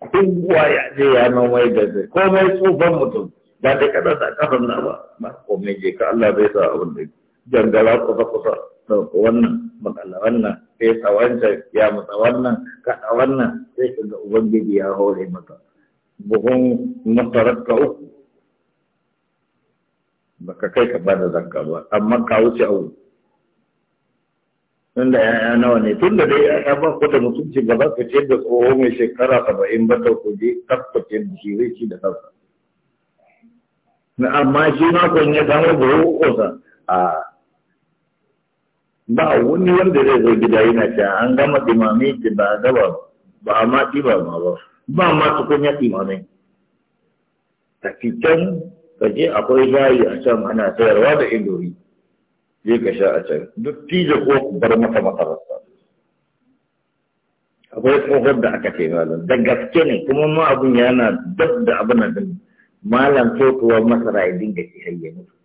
kowa ya je ya nomai da zai komai tsufan mutum ba da kada da kafan na ba ba komai je ka Allah bai sa abin da jangala kusa kusa ɗauka wannan makalla wannan sai sa wancan ya matsa wannan kaɗa wannan sai ka ga ubangiji ya hore maka buhun masarar ka uku baka kai ka bada zakka ba amma ka wuce abu da ya'ya nawa ne Tun da dai ya'ya ba ku da mutunci ba za ku ce da tsoho mai shekara saba'in ba ta ku je tabbace da shi zai ci da kansa amma shi ma kun ya samu buhu uku sa a ba wani wanda zai zo gida yana ta an gama dimami da ba gaba ba a ma ɗiba ma ba ba ma tukunya dimami tafi can ka je akwai shayi a can ana sayarwa da indomi je ka sha a can duk tije ko bar mata makaranta akwai tsohon da aka ce malam da gaske ne kuma ma abun yana dab da abin nan malam totuwar masara ya dinga ci har ya mutu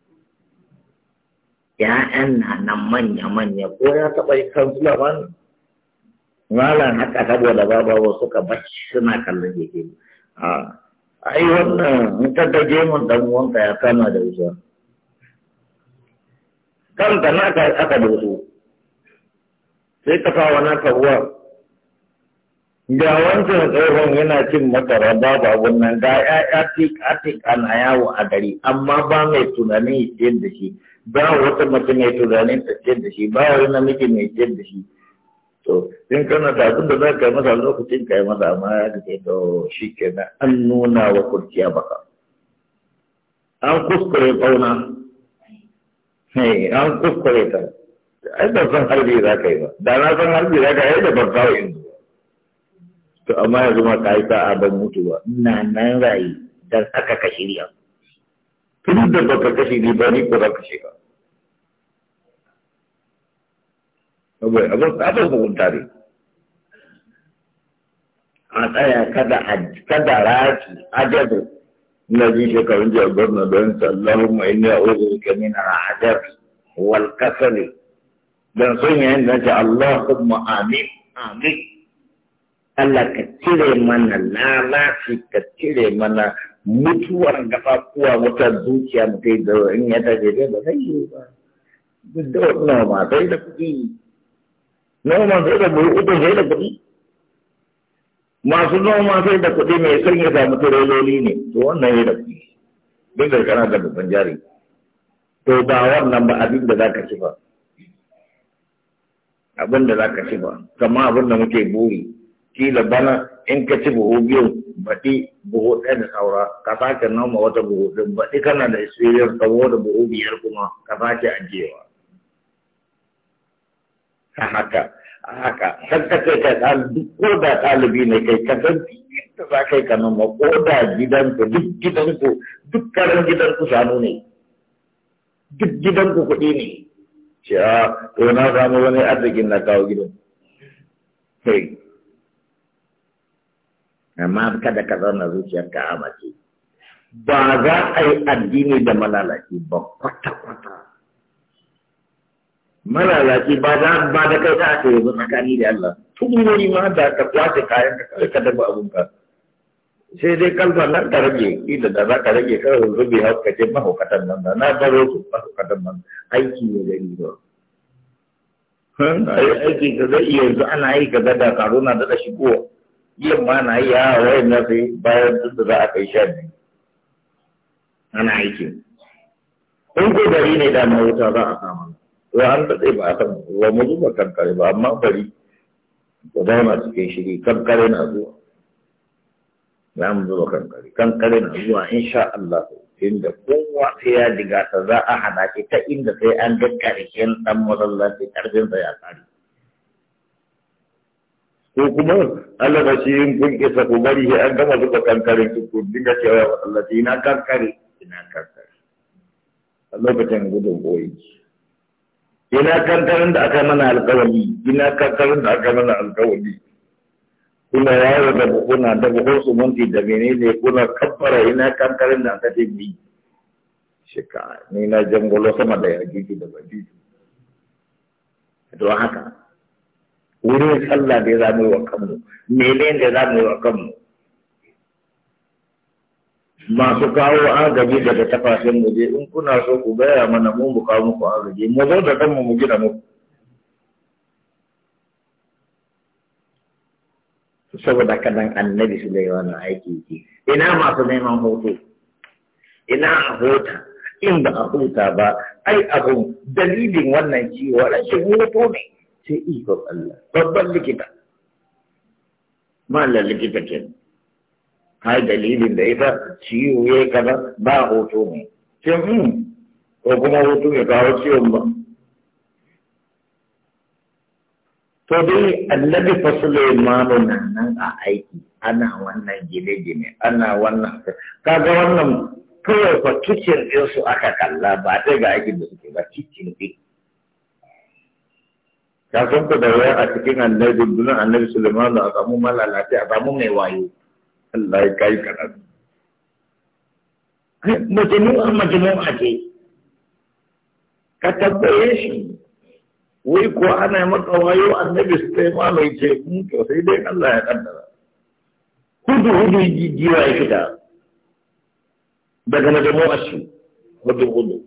‘ya'yan na nan manya-manya ko ya taɓa yi kan sulaman malam haka saboda babawa suka bashi suna kallon yake a ai wannan in ka dage mun dan wanka ya kama da wuta kanta na aka aka da wuta sai ka kawo na ka ruwa ga wancan tsohon yana cin masara babu abun nan ga ya'ya tik ana yawo a gari amma ba mai tunanin ya ciyar da shi ba wata mace mai tunanin ta ciyar da shi ba wani namiji mai ciyar da shi to in kana da abin da za ka yi masa lokacin ka yi masa amma ya kace to shi kenan an nuna wa kurciya baka an kuskure kauna eh, an kuskure ta ai ban san harbi za ka yi ba da na san harbi za ka yi da ban kawo yanzu to amma yanzu ma ka yi sa'a ban mutu ba ina nan rayu dan haka ka shirya tun da ka kashe ni ba ni ko za ka shiga abin abin hukunta ne a tsaya kada raki ajabu ina jin shekarun jiya gwamna don sallahumma inni a'udhu bika a al'adab wal ne. dan sun yin da ce Allahumma amin amin Allah ka cire mana lalaci ka cire mana mutuwar gafafuwa wata zuciya mu mutai da in ya dace ba zai yi ba duk da wannan ma sai da kuɗi noma sai da buhu uku sai da kuɗi masu noma sai da kuɗi mai son ya samu tureloli ne to wannan ya da kuɗi duk da kana da babban jari to ba wannan ba abin da za ka ci ba abin da za ka ci ba kama abin da muke buri kila bana in ka ci buhu biyu baɗi buhu ɗaya da saura ka sake noma wata buhu ɗin baɗi kana da isiriyar saboda buhu biyar kuma ka sake ajiyewa Ka haka a haka kan ka kai kai ko da ɗalibi ne kai ka san yadda za kai ka noma ko da gidanku duk gidanku duk karan gidanku shanu ne duk gidanku kuɗi ne ce to na samu wani arzikin na kawo gidan. Hey. amma kada ka zauna zuciyarka a mace ba za a yi addini da malalaci ba kwata-kwata malalaci ba za ba da kai za a ce yanzu tsakani da Allah tun wani ma da ka kwace kayan ka kawai ka dafa abun ka sai dai kalfa nan ka rage ila da za ka rage kawai hau ka ce mahaukatan nan da na baro su mahaukatan nan aiki ne gani ba aiki ka zai yanzu ana yi ka gada karuna na da shigowa yin ba na yi a ah, wayan na sai bayan duk da za a kai sha biyu ana aiki. in ko gari ne da ma wuta za a samu to an da ba a samu wa mu zuba kankare ba amma bari ba na cikin shiri kankare na zuwa za mu zuba kankare kankare na zuwa insha Allah inda kowa sai ya diga ta za a hana ta inda sai an ga karshen dan masallaci karfin sai ya kare ko kuma Allah ba shi yin kunke sa ko bari sai an gama zuba kankare su ko dinga cewa Allah ina kankare ina kankare a lokacin gudun boye ina kankarin da aka mana alkawari ina kankarin da aka mana alkawari kuna yawo da kuna da buhun su munti da menene kuna kabbara ina kankarin da aka ce bi shika ni na jangolo sama da yaji da bajiji to haka wurin sallah da za mu yi wa kanmu mene da za mu yi wa kanmu masu kawo agaji daga tafafin mu je in kuna so ku gaya mana mun mu kawo muku agaji mu zo da kanmu mu gina muku saboda kadan annabi su zai na aiki ke ina masu neman hoto ina a hota in ba a hota ba ai abun dalilin wannan ciwo rashin hoto ne sai ikon Allah babban likita mallan likita ke da dalilin da ita ciwo ya yi kaza ba hoto ne sai hmm ko kuma hoto ya kawo ciwon ba to dai annabi fa Sulaimanu na nan a aiki ana wannan gine-gine ana wannan kaga wannan kawai fa kicin ɗinsu aka kalla ba ta ga aikin da suke ba kicin ɗin ka san ku da a cikin annabi dunan annabi Sulaiman da samu malalaci a samu mai wayo Allah ya kai ce ka tabbaye shi wai ko ana maka wayo annabi Sulaiman mai ce mun hmm, to sai dai Allah ya kaddara hudu hudu jiwa ya fita daga majmu'a shi hudu hudu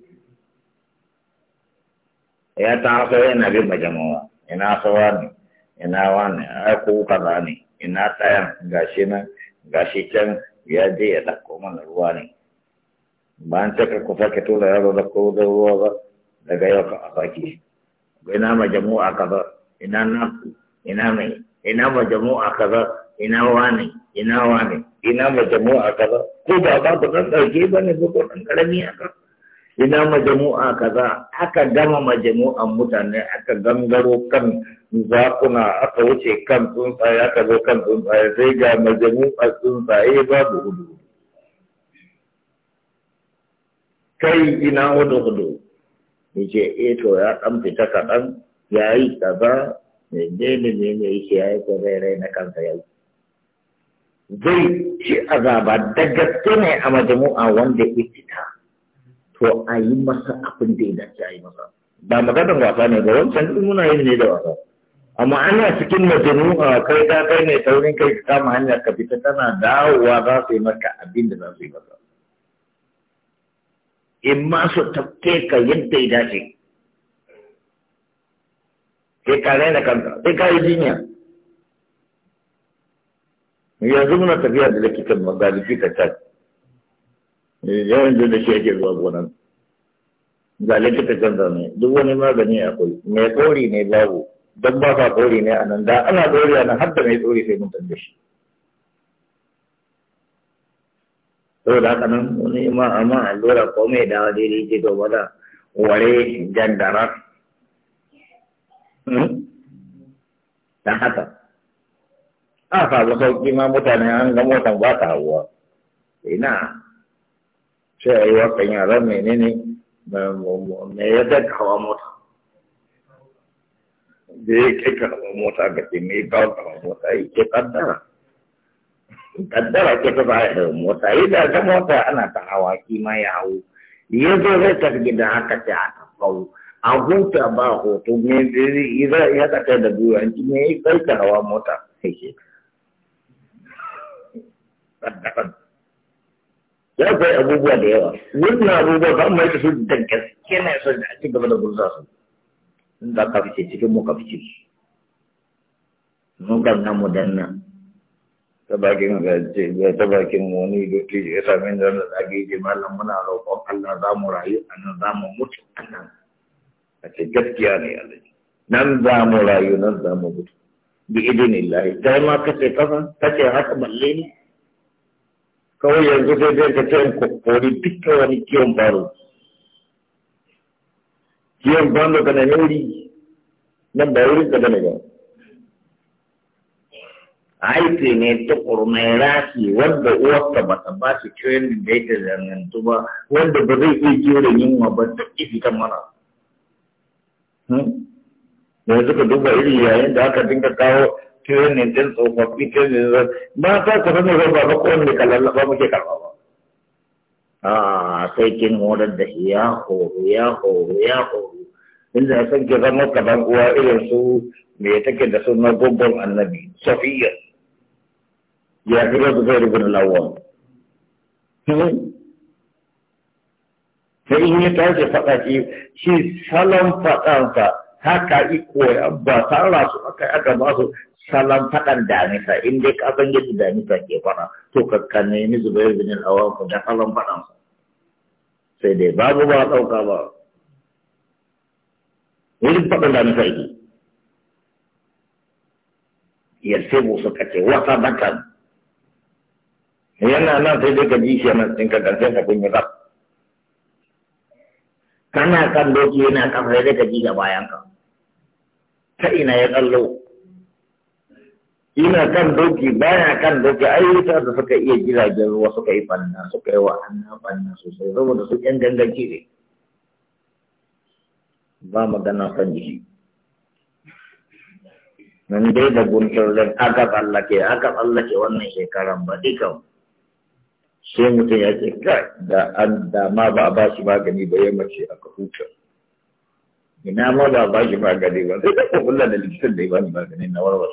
ya ta haka yana bin ina sawa ne ina wani ko kaza ne ina ɗayan gashi nan gashi can ya je ya ɗauko mana ruwa ne bayan cakar ku sake tura yaro da ko da ruwa ba daga yau ka a ina ma jamu'a kaza ina naku ina mai ina ma jamu'a kaza ina wani ina wani ina ma jamu'a kaza ko ba ba ku ɗan ɗauke ba ne ko ɗan ƙarami a ina majamu'a kaza aka gama majamu'an mutane aka gangaro kan zakuna aka wuce kan tsuntsaye aka zo kan tsuntsaye sai ga majamu'ar tsuntsaye babu hudu kai ina hudu hudu ce e to ya dan fita kaɗan ya yi kaza ne ne ne yake ya yi rai na kansa yau zai ci azaba da gaske ne a majamu'a wanda ya fita to a yi masa abin da ya dace a yi masa ba maganar wasa ne ba wancan muna yin ne da wasa amma ana cikin a kai ta kai ne taurin kai ka kama hanyar ka fita tana dawowa za su yi maka abin da za su yi maka in ma su tafke ka yadda ya dace sai ka raina kanka sai ka yi jinya yanzu muna tafiya da likitan magalifi ka tafi Eh, yawan da da shi ake zuwa gonan ga likita kan zane duk wani magani akwai mai tsori ne babu don ba ka tsori ne a nan da ana tsori a nan har mai tsori sai mun tambaye shi saboda haka nan wani ma amma allura ko mai dawa daidai ce to bada ware jandara hmm? da haka a samu sauƙi ma mutane an ga motan ba ta hawa ina sai yaran menene me ya daga mota da ya ke karɓar mota kawo karɓar mota ya ke kaddara kaddara ke ta da ana ta hawa kima ya hau ya zai tafi da haka ce a a huta ba hoto me ya da buranci me ya mota ke ya kai abubuwa da yawa wannan abubuwa ba mai da su da gaske ne su da ake gaba da gurza su in da ka fice cikin mu ka fice mu kan namu danna ta bakin ga ta bakin da ke ya sami da da zage je mallam muna roƙon Allah za mu rayu anan za mu mutu anan a ce gaskiya ne Allah nan za mu rayu nan za mu mutu bi idinillahi kai ma kace kafa kace haka balle ne kawai yanzu zai zai ka ce kokori duka wani kiyon baro kiyon baro ka nemi wuri nan ba wurin ka gane ba aiki ne tukuru mai rafi wanda uwarsa ba ta ba su kiyon da ta zarantu ba wanda ba zai iya jure yunwa ba ta ifita mana hmm? yanzu ka duba iri yayin da aka dinga kawo training din tsofaffi training din ba ta ka sani zai ba ko wanda ka lallaba muke karba ba a sai kin horar da shi ya horo ya horo ya horo inda ya san ki zama kaman uwa irin eh, su me take da suna gobban annabi safiya ya fi su zai rubin lawa sai in ya tashi faɗa shi shi salon faɗansa haka iko ba tsara su aka aka ba su salon faɗan damisa in dai ka san yadda damisa ke fara to ka ni nemi zubair bin al-awam ku da salon faɗan sa sai dai babu ba ɗauka ba wurin faɗan damisa sai mu suka ce wata bakan yana nan sai dai ka ji shi nan ɗin ka gansan ka kun yi kana kan doki yana kafa sai dai ka ji ga bayan ka ta ina ya tsallo ina kan doki baya kan doki ayyuka da suka iya jiragen ruwa suka yi banna suka yi wa anna banna sosai saboda su yan ganganci ne ba magana kan jiki nan dai da gunturin aka tsallake aka tsallake wannan shekaran ba dukan sai mutum ya ce kai da an da ma ba a ba shi magani ba ya mace aka huta ina ma da ba shi magani ba sai dai kulla da likitan da ya bani magani na warwar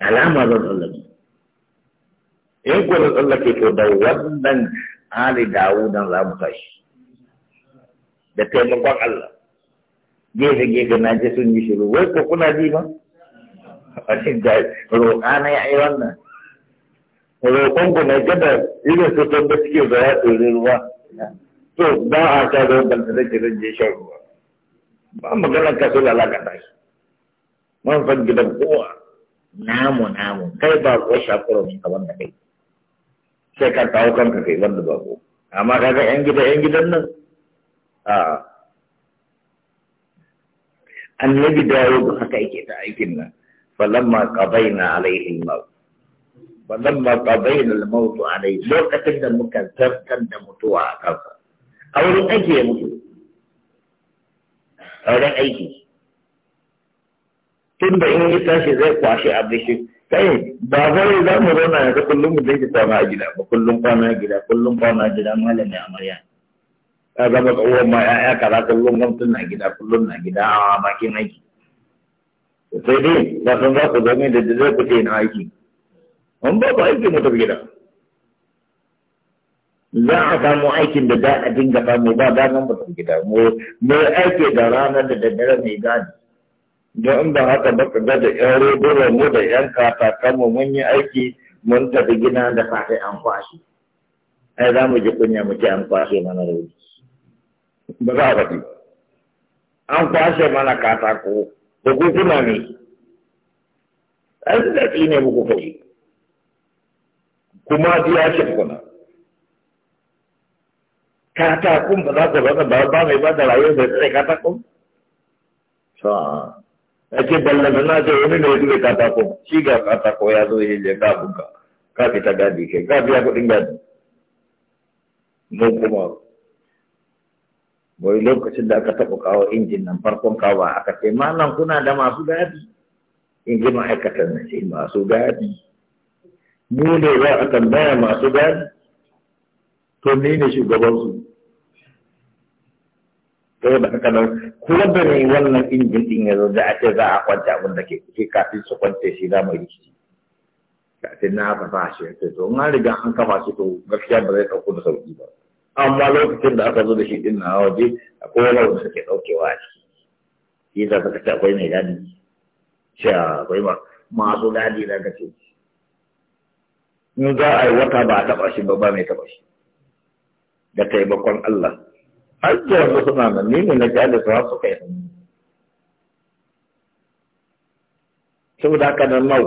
alama zan tsallake in kuwa zan tsallake to da wannan ali dawudan za mu tashi da taimakon Allah gefe gefe na ce sun yi shiru wai ko kuna ji ba a cikin da roƙa na ya yi wannan roƙon ku na gada irin su tun da suke zaya tsere ruwa so ba a ta zo balta da kiran je shan ruwa ba magana ka so lalakata shi man san gidan kowa namu namu kai ba ko shakuro ne kaman da kai sai ka kawo kanka kai wanda ba ko amma kaga yan gida yan gidan nan a annabi dawud haka yake ta aikin nan falamma qadaina alaihi al-maut falamma qadaina al-maut alaihi lokacin da muka zartar da mutuwa a kansa a wurin aiki ya mutu a wurin aiki tun da in ya tashi zai kwashe abinci kai ba zai za mu zauna yanzu kullum mu dinga kwana a gida ba kullum kwana a gida kullum kwana a gida malami marya ka zama uwa ma ya'ya kaza kullum gwamnatin na gida kullum na gida a bakin aiki sai dai ba san za ku zama da zai ku ce na aiki an ba ku aiki mu tafi gida za a samu aikin da za a dinga samu ba daman mutum gida mu mai aiki da ranar da daddare mai gani don in ba haka ba ka da yan rodura mu da yan katakan kama mun yi aiki mun tafi gina da fatai an kwashe ai za mu ji kunya mu an kwashe mana rauni ba za a faɗi an kwashe mana katako da kuna ne ai su da tsine muku kai kuma biya ce tukuna katakun ba za ku bapak ba ba mai ba da rayuwar da tsaye katakun? sa a ce ballanta na ce wani ne ya duwe katakun shi ga katako ya zo ya je kafin ka ka fita gadi kai ka biya kuɗin gadi mu kuma wai lokacin da aka taɓa kawo injin nan farkon kawo aka ce malam kuna da masu gadi in ji ma'aikatan na ce masu gadi mu ne za a tambaya gadi to ne ne shugabansu kai ba ka nan ko da ne wannan injin din ya zo da a ce za a kwanta abin da ke kuke kafin su kwance shi za mu rikici kafin na haka ba shi sai to na riga an kafa shi to gaskiya ba zai dauko da sauki ba amma lokacin da aka zo da shi din na waje akwai wani wanda suke daukewa a ciki shi za ka ce akwai mai gadi shi akwai ba masu gadi da ka ce in za a yi wata ba a taba shi ba ba mai taba shi da taimakon Allah ajiyar musu na nan ne na jalisa su kai sau saboda haka nan mau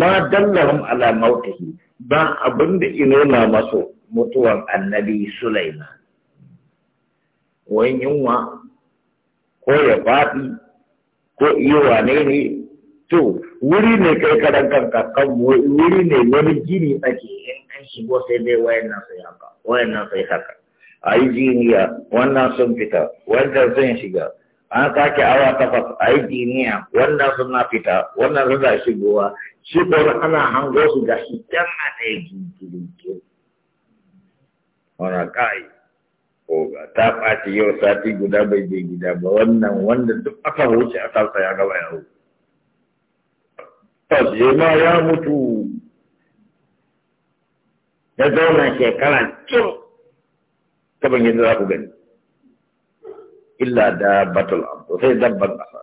ma dallahum ala mautihi ba abin da inona masu mutuwan annabi Sulaiman wani yunwa ko ya faɗi ko iya wane ne to wuri ne kai karan kanka kan wuri ne wani gini ake yin an shigo sai dai wayan nan sai haka wayan nan sai haka a yi jiniya wannan sun fita wannan sun shiga an sake awa takwas a yi jiniya wannan sun na fita wannan sun za shigowa shi kuma ana hango su da shi can na ɗaya jinkirin wani kai ko ga ta ɓaci yau sati guda bai je gida ba wannan wanda duk aka wuce a sarsa ya gaba yau tas ma ya mutu ya zauna shekara cin ta bangin da za ku gani illa da batul to sai dabban ƙasa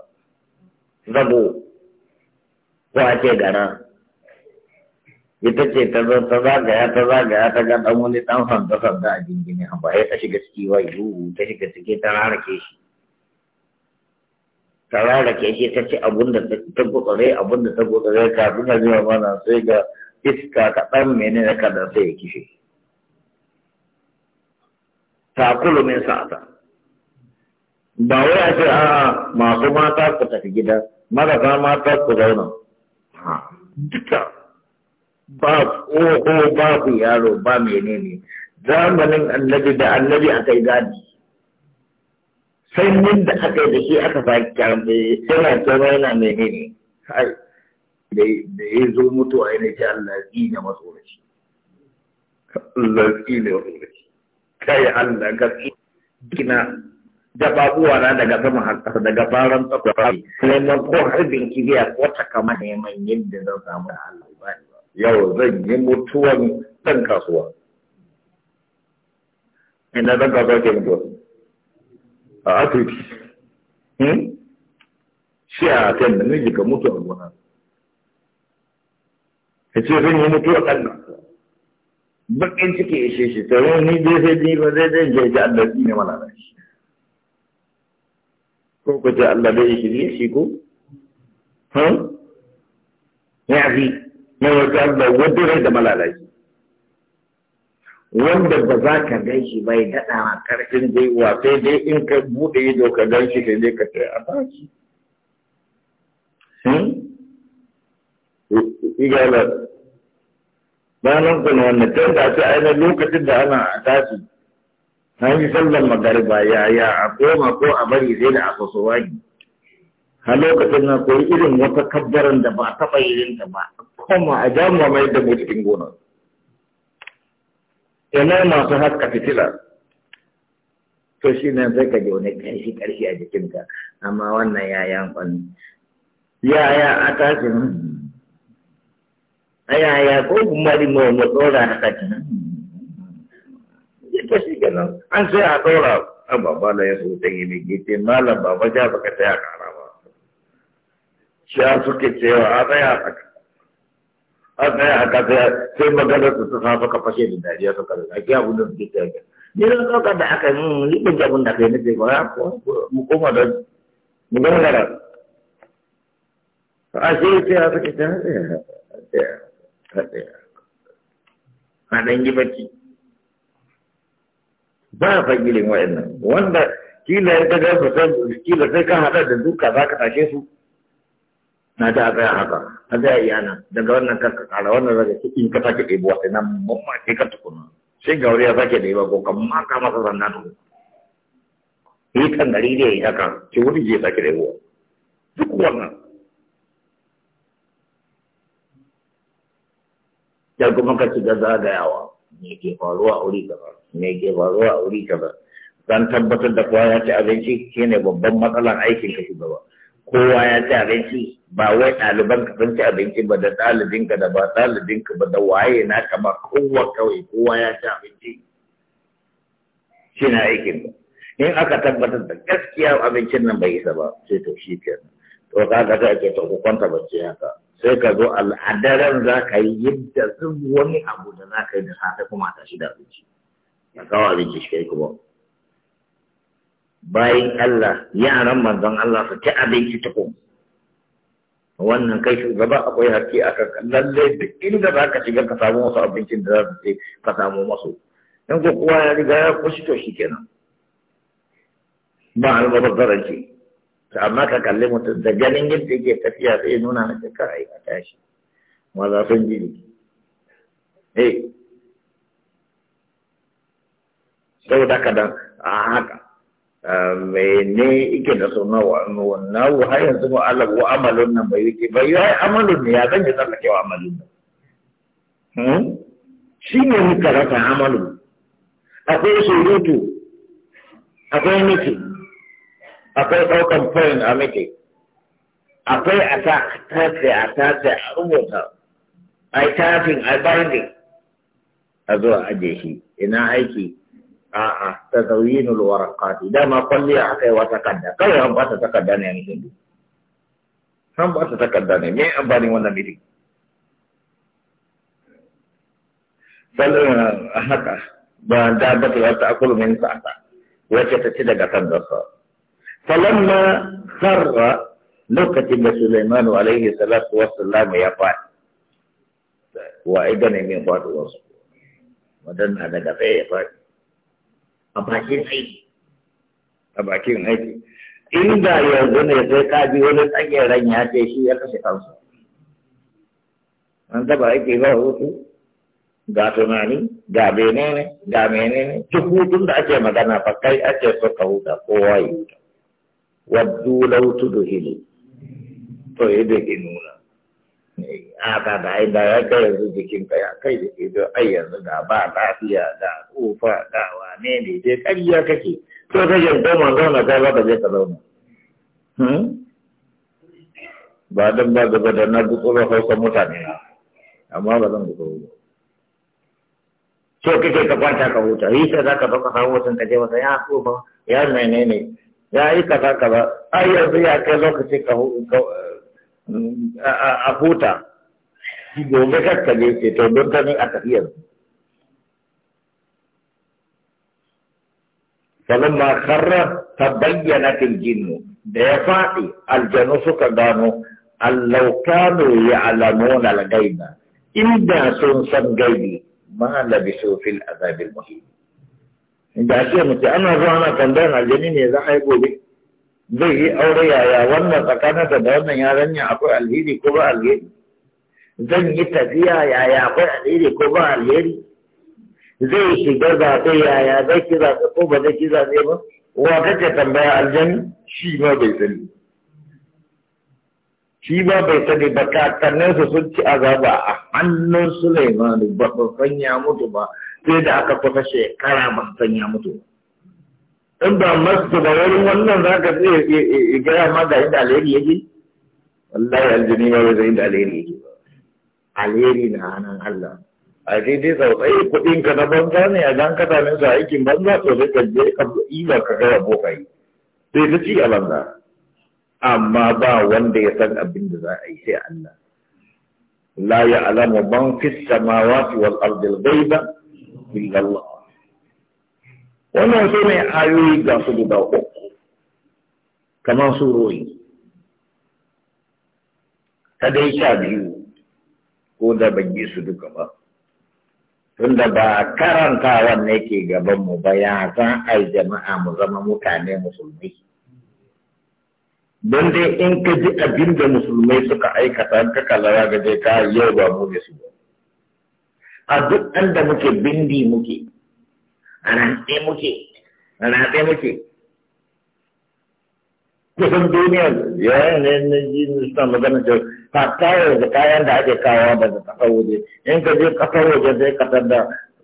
zabo ko a ce gara ita ce ta zo ta zagaya ta zagaya ta ga ɗan wani ɗan sanda sanda a jingine a baya ta shiga ciki wa yuhu ta shiga ciki ta rarake shi ta rarake shi ta ce abunda ta gutsare abunda ta gutsare kafin a zuwa mana sai ga iska kaɗan menene kaɗan sai ya kishe takulu min sa'ata ba wai a ce a masu mata ku tafi gida marasa mata ku zauna duka ba ko ba ku yaro ba menene zamanin annabi da annabi aka yi gadi sanyin da aka yi da shi aka sake kyarbe yana kyarbe yana menene da ya zo mutuwa yana ce Allah tsina masu wani Allah ne masu wani kai Allah gaske gina da babuwa na daga sama har ƙasa daga faran tsakwai sai nan ko harbin kiriya wata kama neman yadda zan samu da Allah ba yau zan yi mutuwan dan kasuwa ina ɗan kasuwa ke mutuwa a asibiti hmm? shi a kan da miji ka mutu a gona ka ce zan yi mutuwa ɗan kasuwa bakin ciki ishe shi tare ni dai sai ni ba zai zai je ji Allah ne mana da shi ko ko ji Allah dai shi shi ko ha ya fi na wata Allah wanda rai da malalaci wanda ba za ka gan shi bai daɗa a ƙarfin wa sai dai in ka buɗe ido ka gan shi sai dai ka ce a baki. Igala ranar kuma wannan tun da ta aina lokacin da ana a tashi an yi sallan magariba ya ya a koma ko a bari sai da aka so wani a lokacin na koyi irin wata kabbaran da ba a taɓa irin ta ba koma a jamuwa mai da cikin gonar ina masu haska fitila to shi ne sai ka ji wani ƙarfi ƙarfi a jikinka amma wannan yayan kwanne yaya a tashin hmm. Aya ya ko kuma di mu mu dora haka kenan. Ita shi kenan an sai a dora a baba da ya ta yi ne gete malam baba ja baka tsaya kara ba. Shi a suke cewa a tsaya haka. A tsaya haka sai maganar su ta safa ka fashe da dariya suka da ake abin da suke tsaya kenan. Ni ran ɗauka da aka yi mun liɓin jabin da kai na ce ba mu koma da mu gangara. Ashe ah, sai a suke tsaya. a ɗan yi bacci ba a fagilin wa'annan wanda kila ya ta gasa sai kila sai ka haɗa da duka za ka tashe su na ta tsaya haka a tsaya iyana daga wannan karka kara wannan zaga ki in ka sake ɗebo wata nan mamma ke ka tukuna sai ga wuri ya sake ɗebo ko kan maka masa zanna tukuna Ni kan gari da ya yi haka ki wuri je sake ɗebo duk wannan da kuma ka shiga zagayawa me ke faruwa a wuri kaza me ke faruwa a wuri kaza dan tabbatar da kowa ya ci abinci shine babban matsalar aikin ka shugaba kowa ya ci abinci ba wai ɗaliban ka sun ci abinci ba da ɗalibin ka da ba ɗalibin ka ba da waye na ka ba kowa kawai kowa ya ci abinci shine aikin ka in aka tabbatar da gaskiya abincin nan bai isa ba sai to shi kenan to kaga ta ake to ku kwanta bacci haka sai ka zo al'adaran za ka yi yadda duk wani abu da za ka yi da safe kuma ta shida da abinci ya kawo abinci shi kuma bayan Allah yaran manzon Allah su ci abinci ta kuma wannan kai gaba akwai haƙƙi a kan lalle duk inda za ka shiga ka samu wasu abincin da za su ce ka samu masu in ko kowa ya riga ya kushe to shi kenan ba albabar zaranci to amma ka kalli mutum da ganin yadda yake tafiya sai nuna na cikin ai a tashi maza sun ji eh saboda ka dan a haka mene ike da suna wannan har yanzu mu Allah wa amalun nan bai yake bai yi amalun ne ya zan yi tsallake wa amalun nan hmm? shi ne muka rasa amalun akwai surutu akwai mutum akwai ɗaukan fayin a miki akwai a ta tace a tace a rubuta a yi tafin a binding a zo a ajiye shi ina aiki a'a ta zauyinul warakati dama kwalliya akai wa takarda kawai an bata takarda ne yanzu duk an bata takarda ne me amfanin wannan meeting sallan haka ba da ba ta akulu min sa'ata wacce ta ci daga kan dasa falamma sarra lokacin da Sulaimanu alaihi salatu wassalam ya faɗi wa ai gane wasu wadanna daga tsaye ya faɗi a aiki a aiki inda yanzu ne sai ka bi wani tsageren ya ce shi an taba aiki ga tunani ga menene ga menene duk hutun da ake magana fa kai ake so ka huta kowa ya waddu law tudhilu to yadda ke nuna eh, a ta da ai da ya kai yanzu jikin ka ya kai da ido ai yanzu da ba lafiya da kofa da wane ne dai ƙarya kake to ka je ko man zauna kai ba ka je ka zauna hmm? ba dan ba gaba da na gutsuro hausa mutane na amma ba zan duka ba so kake ka kwanta ka huta yi sai za ka zo ka samu mutum ka je masa ya kofa ya ne. yayi kaza kaza ai yanzu ya kai lokacin ka a huta gobe ka kalle ce to don ta ne a tafiyar فلما خر تبينت الجن بيفاتي الجن سكا قالوا ان لو كانوا يعلمون الغيب اذا سنسن غيبي ما لبسوا في العذاب المهين da ce mace ana zuwa ana tambayar aljani ne za a yi gobe zai yi aure yaya wannan tsakanin da wannan yarinya akwai alheri ko ba alheri zan yi tafiya yaya akwai alheri ko ba alheri zai shiga zaɓe yaya zai ki zaɓe ko ba zai ki zaɓe ba wa kake tambaya aljani shi ma bai sani shi ba bai sani ba su sun ci azaba a hannun Suleiman ba ban ya mutu ba sai da aka kusa shekara ba san sanya mutu in ba masu da wurin wannan za ka zai gaya ma ga inda alheri yake wallahi aljini ma bai zai inda alheri yake ba alheri na hannun Allah a daidai sautsai kuɗin ka na banza ne a gan kasa min sa aikin banza to sai ka je ka ba ka gaya bokai. sai ta ci a banza amma ba wanda ya san abin da za a yi sai Allah la ya'lamu man fis samawati wal ardi al ba. illallah wannan su ne ayoyi ga su guda uku kamar roi ta dai sha biyu ko da ban yi su duka ba tunda ba karanta ne ke gaban mu ba ya san ai jama'a mu zama mutane musulmi don dai in ka ji abin da musulmai suka aikata ka kalara ga dai ka yau ba mu ne su ba a duk ɗan muke bindi muke a rantse muke a rantse muke kusan duniya ya ne na ji suna magana cewa ta kayar da kayan da ake kawo ta kasar waje in ka je kasar waje sai kasar da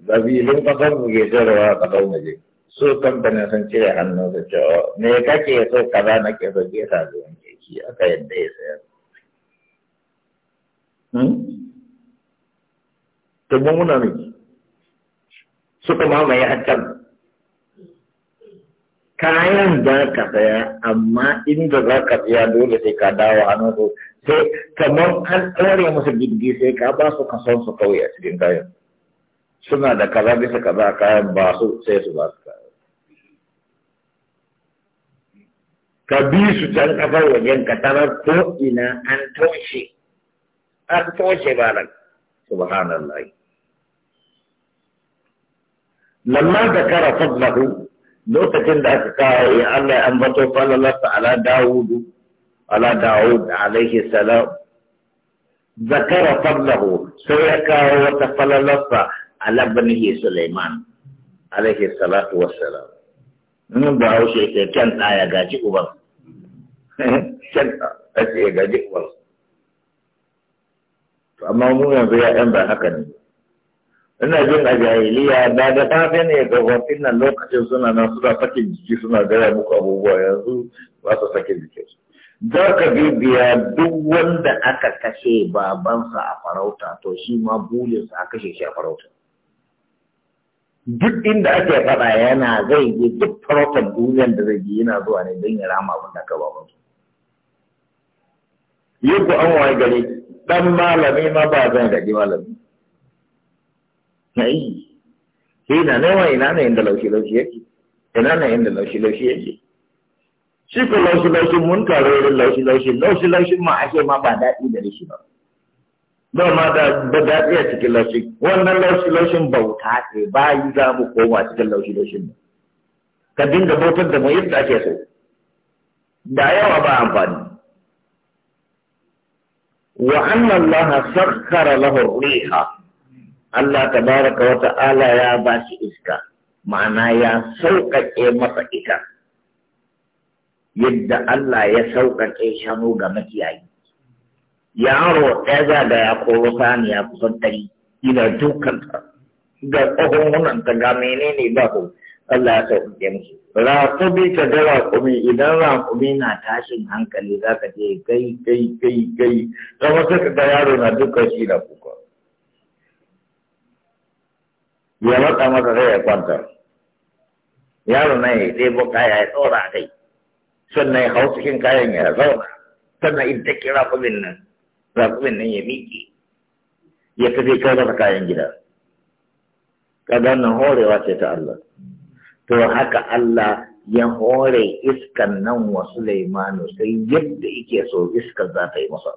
zabilin kasar mu ke sayarwa a kasar waje so kamfanin sun cire hannun su cewa me kake so kaza na ke so ke sa zuwan keki aka yadda ya sayar. Hmm? to mu muna ne suka mamaye haccan kayan da ka saya amma inda za ka saya dole sai ka dawo a nan sai kamar an tsare musu gindi sai ka ba su kason su kawai a cikin kayan suna da kaza bisa kaza kayan ba su sai su ba su kayan ka bi su can kafar wajen ka tarar ko ina an toshe an toshe ba nan subhanallah lamma da kara fadlahu lokacin da aka kawo ya Allah ya ambato falalarsa ala Dawudu ala Dawud alaihi salam zakara fadlahu sai ya kawo wata falalarsa ala banihi Sulaiman alaihi salatu wassalam mun ba haushe ke kyan ɗaya gaji uban kyan ɗaya gaji uban amma mun yanzu ya ɗan ba haka ne ina jin a jahiliya da da safe ne wafin nan lokacin suna nan suna sakin jiki suna gaya muku abubuwa yanzu ba su sakin jiki za ka bibiya duk wanda aka kashe babansa a farauta to shi ma bulinsa a kashe shi a farauta duk inda ake faɗa yana zai je duk farautar duniyar da zai je yana zuwa ne don ya rama abin da aka babansa yau ku an waye gari dan malami ma ba zan gaji malami ai hina ne wa ina ne inda laushi laushi yake ina ne inda laushi laushi yake shi ko laushi laushi mun karo da laushi laushi laushi laushi ma ake ma ba daɗi da shi ba ba ma da ba daɗi a cikin laushi wannan laushi laushin bauta ce yi za mu koma cikin laushi laushin ne ka dinga bautar da mu yadda ake so da yawa ba amfani wa anna allaha sakhkhara lahu riha Allah tabaraka wa ta'ala ya ba shi iska ma'ana ya sauƙaƙe masa ita yadda Allah ya sauƙaƙe shanu ga makiyayi yaro ɗaya da ya koro saniya kusan ɗari ina dukanta ga ƙahon wannan ta ga menene ba ku Allah ya sauƙaƙe musu raƙumi ka ga raƙumi idan raƙumi na tashin hankali za ka je kai kai kai kai zama sai ka ga yaro na duka shi da kuka ya matsa masa sai ya kwanta yaro na ya ɗebo kaya ya tsora a kai sannan ya hau cikin kayan ya zauna sannan in take rakumin nan rakumin nan ya miƙe ya tafi kai masa kayan gida kaga nan horewa ce ta Allah to haka Allah ya hore iskan nan wa Sulaimanu sai yadda yake so iskar za ta yi masa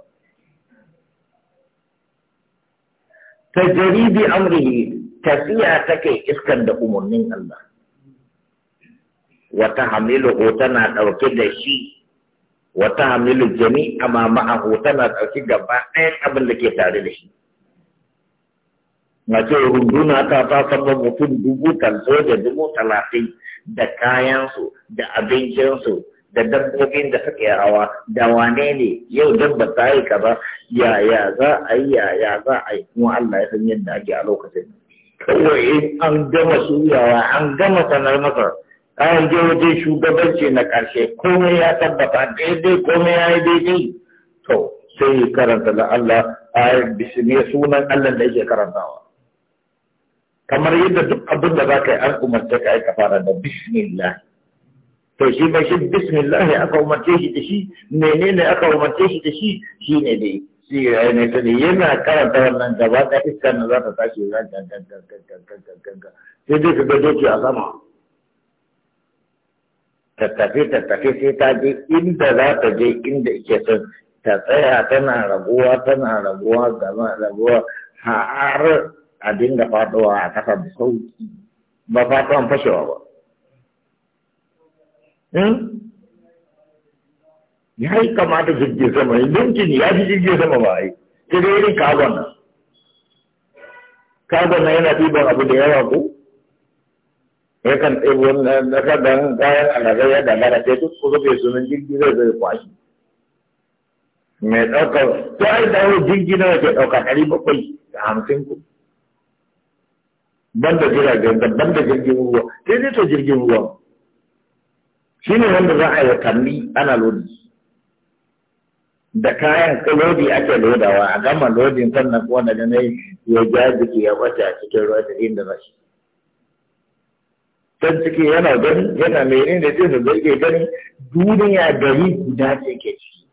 jaribi amrihi tafiya take iskan da umarnin Allah wata hamilu tana ɗauke da shi wata hamilu jami a ma'ahu tana ɗauke gaba ɗayan abin da ke tare da shi mace runduna ta ta saba mutum dubu talso da dubu talatin da kayansu da abincinsu da dabbobin da suke hawa da wane ne yau ba ta yi ba? yaya za a yi yaya za a yi kuma Allah ya san yadda ake a lokacin kawai an gama suyawa an gama sanar masa an je wajen shugabanci na karshe komai ya tabbata daidai komai ya yi daidai to sai yi karanta da Allah a bisne sunan Allah da yake karantawa kamar yadda duk abin da za ka yi an umarce ka aika fara da bismillah to shi ba shi bismillah aka umarce shi da shi menene aka umarce shi da shi shine dai shi ya ne ta ne yana karanta wannan gaba da iska na za ta tashi za ta gagagagagagagagaga sai dai ka ga doki a sama ta tafi ta tafi sai ta je inda za ta je inda ike son ta tsaya tana raguwa tana raguwa gaba raguwa har a dinga faɗowa a ƙasa da sauki ba fatan fashewa ba. Hmm? ya yi kamata jirgin sama yankin ya fi jirgin sama ba ai ke da irin kagon nan kagon nan yana ɗiban abu da yawa ko kan ɗebo na kadan kayan alagai ya dalara sai duk kusa bai sunan jirgin zai zai kwashi mai ɗaukar ta yi da jirgin jirgi na wace ɗauka ɗari bakwai da hamsin ku ban da jiragen da ban da jirgin ruwa sai zai to jirgin ruwa shi ne wanda za a yi watanni ana lodi da kayan lodi ake lodawa a gama lodin sannan kuma daga ya ja jiki ya wata a cikin ruwa da inda na shi can ciki yana gani yana mai yin da jinsa zai gani duniya gari guda ce ke ciki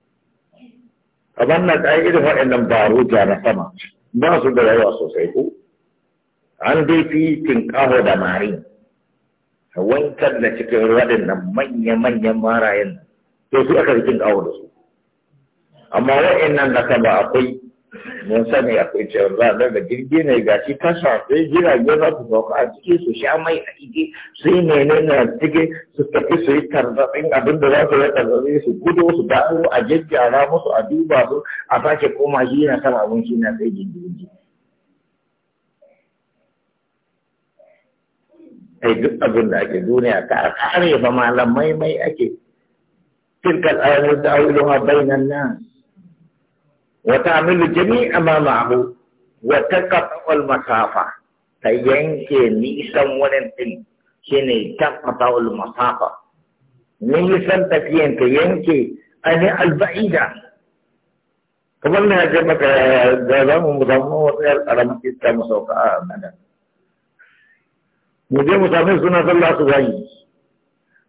a wannan ƙa'idar waɗannan baruja na sama ba su da yawa sosai ko an dai fi tinkaho da mari wankan da cikin ruwa nan manya-manyan marayen to su aka fi tinkaho da su amma nan da ba akwai mun sani akwai cewa za a da jirgi ne ga shi kasa, sai jiragen za su sauka a ciki su sha mai a ciki su yi menene a ciki su tafi su yi tarzatsin abin da za su yi tarzatsin su gudu su dawo a jajjara musu a duba su a sake koma shi na sama abinci na sai jirgi ai duk abin da ake duniya ka a kare ba malamai mai ake tilkal ayatul da'iluha bainan nan. وتعمل الجميع ما معه وتقطع المسافة تينكي نيسان وننتين شيني تقطع المسافة نيسان تكين تينكي أنا البعيدة فمن هجمك دادام مضامو وطير أرمك التمسوك آمنا مجي مضامي سنة الله سبحانه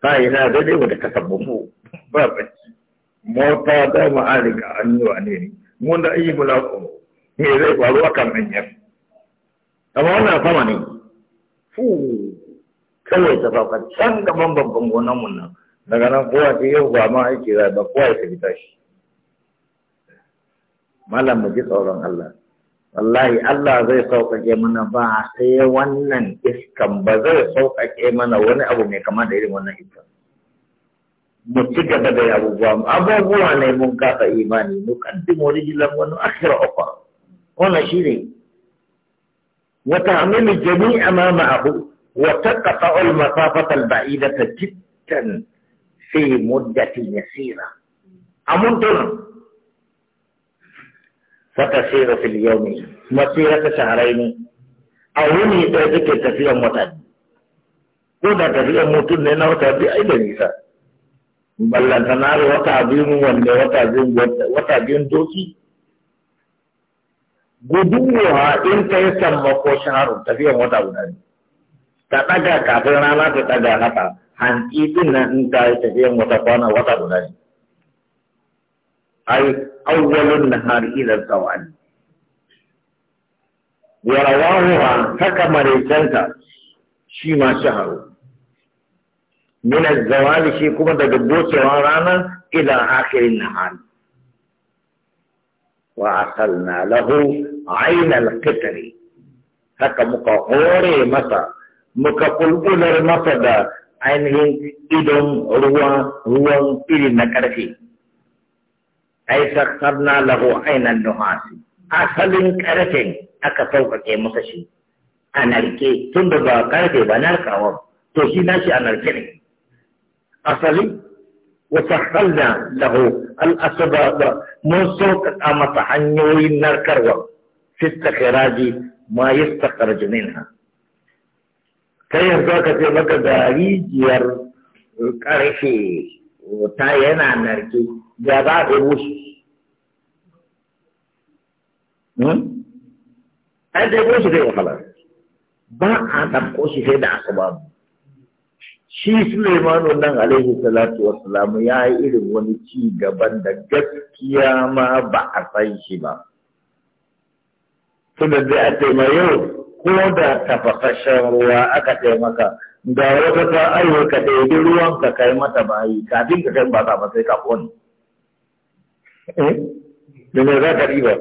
فاينا دادي ودكتبه مو بابت موتا دام عالك أنيو أنيني mun da ayi mulaku me zai faru a kan hanyar amma wannan sama ne fu kawai ta fafa can gaban babban gonan mun nan daga nan kowa ce yau ba ma aiki za ba kowa ya tafi tashi malam mu ji tsoron Allah wallahi Allah zai sauƙaƙe mana ba sai wannan iskan ba zai sauƙaƙe mana wani abu mai kama da irin wannan iskan mu ci gaba da abubuwa abubuwa ne mun kafa imani mu kaddimu rijilan wani akhira ofa wannan ne wa ta'milu jami'a ma ma'ahu wa taqta'u al-masafata al-ba'idata jiddan fi muddati yasira amun tun fatasiru fil yawmi ta shahrayn aw wani da yake tafiyan wata ko da tafiyan mutun ne na wata bi aidan da nisa ballantana da wata biyun wanda wata biyun wata biyun doki guduwa in ta yi sammako shaharun tafiyan wata guda ne ta ɗaga kafin rana ta ɗaga haka hanki din nan in ta yi tafiyan wata kwana wata guda ne ai awwalun nahar ila zawal wa rawahu saka maraicanta shi ma shaharu من الزوال شي كما تدبوت ورانا إلى آخر النهار وأصلنا له عين القطر haka muka hore masa muka ƙulƙular masa da ainihin idon ruwa ruwan iri na ƙarfe ai sakarna lahu ainan nuhasi asalin ƙarfen aka sauƙaƙe masa shi a narke tun da ba ƙarfe ba narkawa to shi nashi a narke أصلي وسخلنا له الأسباب منصوت أما تحنيوي النار كروة في استخراج ما يستخرج منها كي يرزاك في مكة داريج ير كريشي وتاينا نركي جابا بوش هذا بوش دي وخلاص با عدم قوشي هيدا أسباب shi Suleimanu nan alaihi salatu salam, ya yi irin wani ci gaban da gaskiya ma ba a san shi ba. Tunda dai a taima yau ko da tafasashen ruwa aka taimaka da wata ta aiwaka da yadda ruwan ka kai mata bayi kafin ka kai ba ba sai ka kone. Eh, da za ka riba?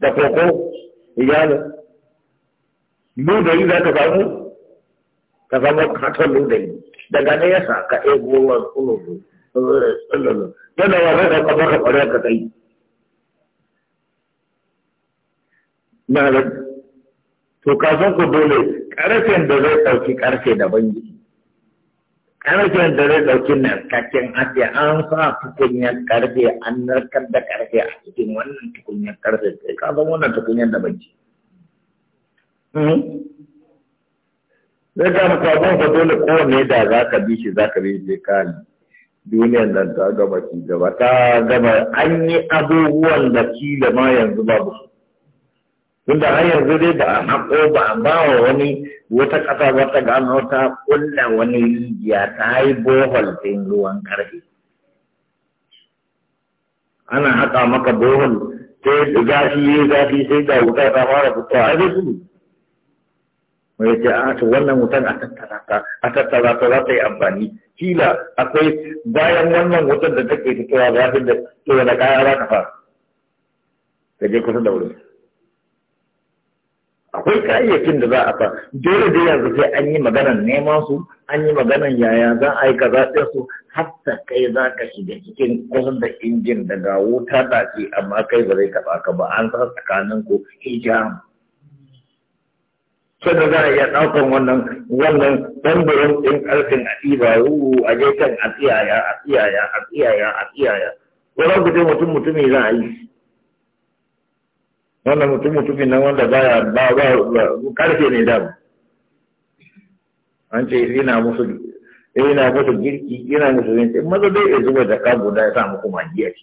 Da koko, iyalin. Mu da yi za ka samu? ka zama haka ludayi daga ne yasa ka ɗaya wa kululu tsallalo yana wa rada ka baka kwarar ka kai na to ka san ku dole ƙarfin da zai ɗauki karfe da yi ƙarfin da zai ɗauki narkakken ake an sa tukunyar karfe an narkar da karfe a cikin wannan tukunyar karfe ka san wannan tukunyar da banji. Hmm? zai ga mutu abin fa dole kowane da za ka bi shi za ka bi shi kali duniyan nan ta gama ki gaba ta gama an yi abubuwan da kila ma yanzu babu su tunda har yanzu dai ba a haƙo ba a ba wa wani wata ƙasa ba ta gano ta kulla wani rijiya ta yi bohol ɗin ruwan ƙarfe ana haƙa maka bohol sai ya yi zafi sai ga wuta ta fara fitowa a zai mai ce a su wannan wutan a tattara ta a tattara ta za ta yi amfani kila akwai bayan wannan wutan da take fitowa za ta da to da kaya za ta fara ta je kusa da wurin akwai kayayyakin da za a fa dole dai yanzu sai an yi maganar neman su an yi maganar yaya za a yi kaza ɗin su hatta kai za ka shiga cikin kusan da injin daga wuta da ce amma kai ba zai taɓa ka ba an sa tsakanin ku hijab sannan da za a iya ɗaukan wannan wannan tambarin ɗin ƙarfin a ɗiba ruhu a je kan a tsiyaya a tsiyaya a tsiyaya a tsiyaya ko za ku je mutum mutumi za a yi wannan mutum mutumin nan wanda baya ba ba ƙarfe ne da an ce ina musu ina musu girki ina musu zinci maza dai ya zuba da kabu da ya sa muku magi ce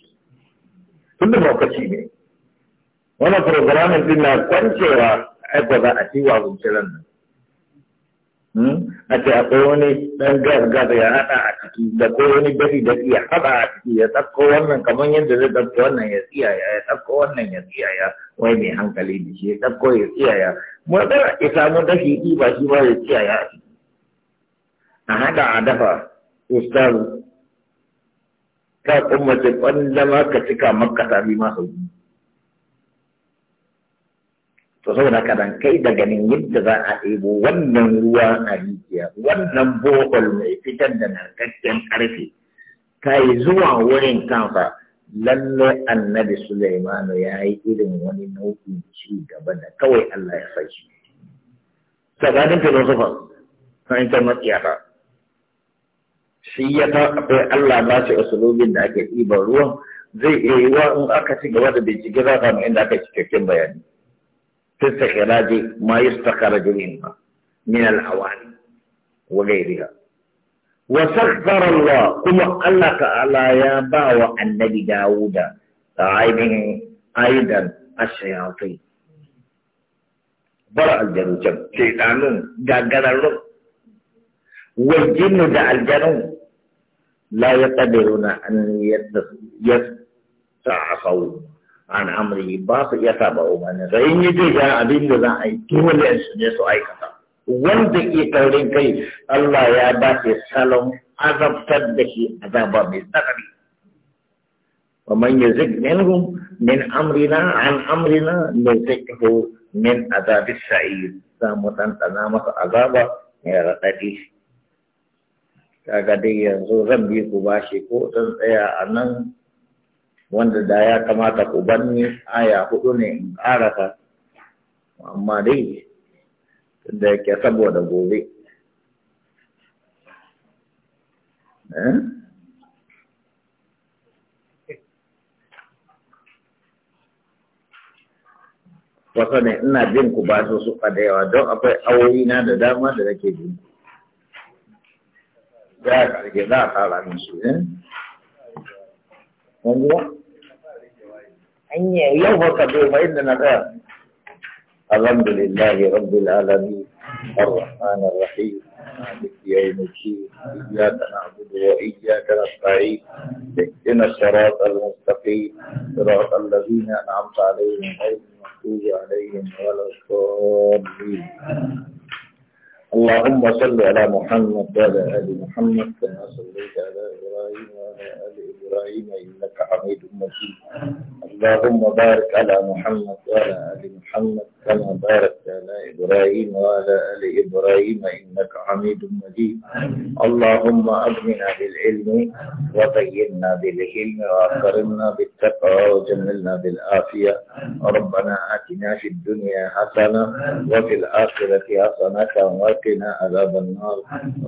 Tunda tun da ci ne wannan programin ɗin na kwancewa aiko ba a ci wa ran nan hmm? a ce akwai wani ɗan gas-gas ya haɗa a ciki da ko wani da dafi ya haɗa a ciki ya tsakko wannan kamar yadda zai tsakko wannan ya tsiyaya ya tsakko wannan ya tsiyaya wai mai hankali da shi ya tsakko ya tsiyaya mu da ya samu dafi ɗi ba shi ba ya tsiyaya a ciki a haɗa a dafa ustaz ka kuma ce ƙwallama ka cika makka tabi ma sauki to saboda kadan kai da ganin yadda za a ɗebo wannan ruwa a rijiya wannan bohol mai fitar da narkakken ƙarfe Ta yi zuwa wurin kanfa lalle annabi Sulaimanu ya yi irin wani nau'in ci gaba da kawai Allah ya sa shi. Tsakanin filosofa, ya ta Shi ya ta akwai Allah ba shi usulobin da ake ɗiban ruwan zai iya yi in aka ci gaba da bincike za samu inda aka ci cikakken bayani. في استخراج ما يستخرج منها من الأواني وغيرها وسخر الله كما الله تعالى يا باوى النبي داوود عينه أيضا الشياطين برأ شيطان جاكر جاقررون والجن دع الجنوب لا يقدرون أن يتعصون an amri ba su iya taba umarni sa in yi ga abin da za a yi dole su ne su aikata wanda ke taurin kai Allah ya ba salon azabtar da shi azaba mai tsanani wa man yuzik minhum min amrina an amrina nuzikhu min azabis sa'ir za mu tantana masa azaba mai raɗaɗi kaga dai yanzu zan bi ku bashi ko zan tsaya a nan wanda da ya kamata ku banni aya hudu ne in karata amma dai tunda yake saboda gobe eh? Wasa ne ina bin ku ba su suka da yawa don akwai awoyi na da dama da nake bin ku. Ya karge za a fara min su, eh? Wanzuwa? أن يوفق بما إننا غير الحمد لله رب العالمين الرحمن الرحيم مالك يوم الدين إياك نعبد وإياك نستعين اهدنا الصراط المستقيم صراط الذين أنعمت عليهم غير المغضوب عليهم ولا الضالين اللهم صل على محمد وعلى آل محمد كما صليت على إبراهيم وعلى آل إبراهيم إنك حميد مجيد اللهم بارك على محمد وعلى آل محمد كما باركت على إبراهيم وعلى آل إبراهيم إنك حميد مجيد اللهم أغننا بالعلم وطينا بالعلم وأكرمنا بالتقوى وجملنا بالعافية ربنا آتنا في الدنيا حسنة وفي الآخرة حسنة وقنا عذاب النار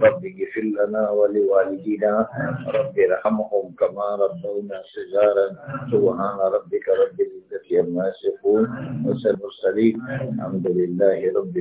رب اغفر لنا ولوالدينا رب ارحمهم كما ربونا صغارا سبحان ربك رب العزة عما يصفون وسلم السليم الحمد لله رب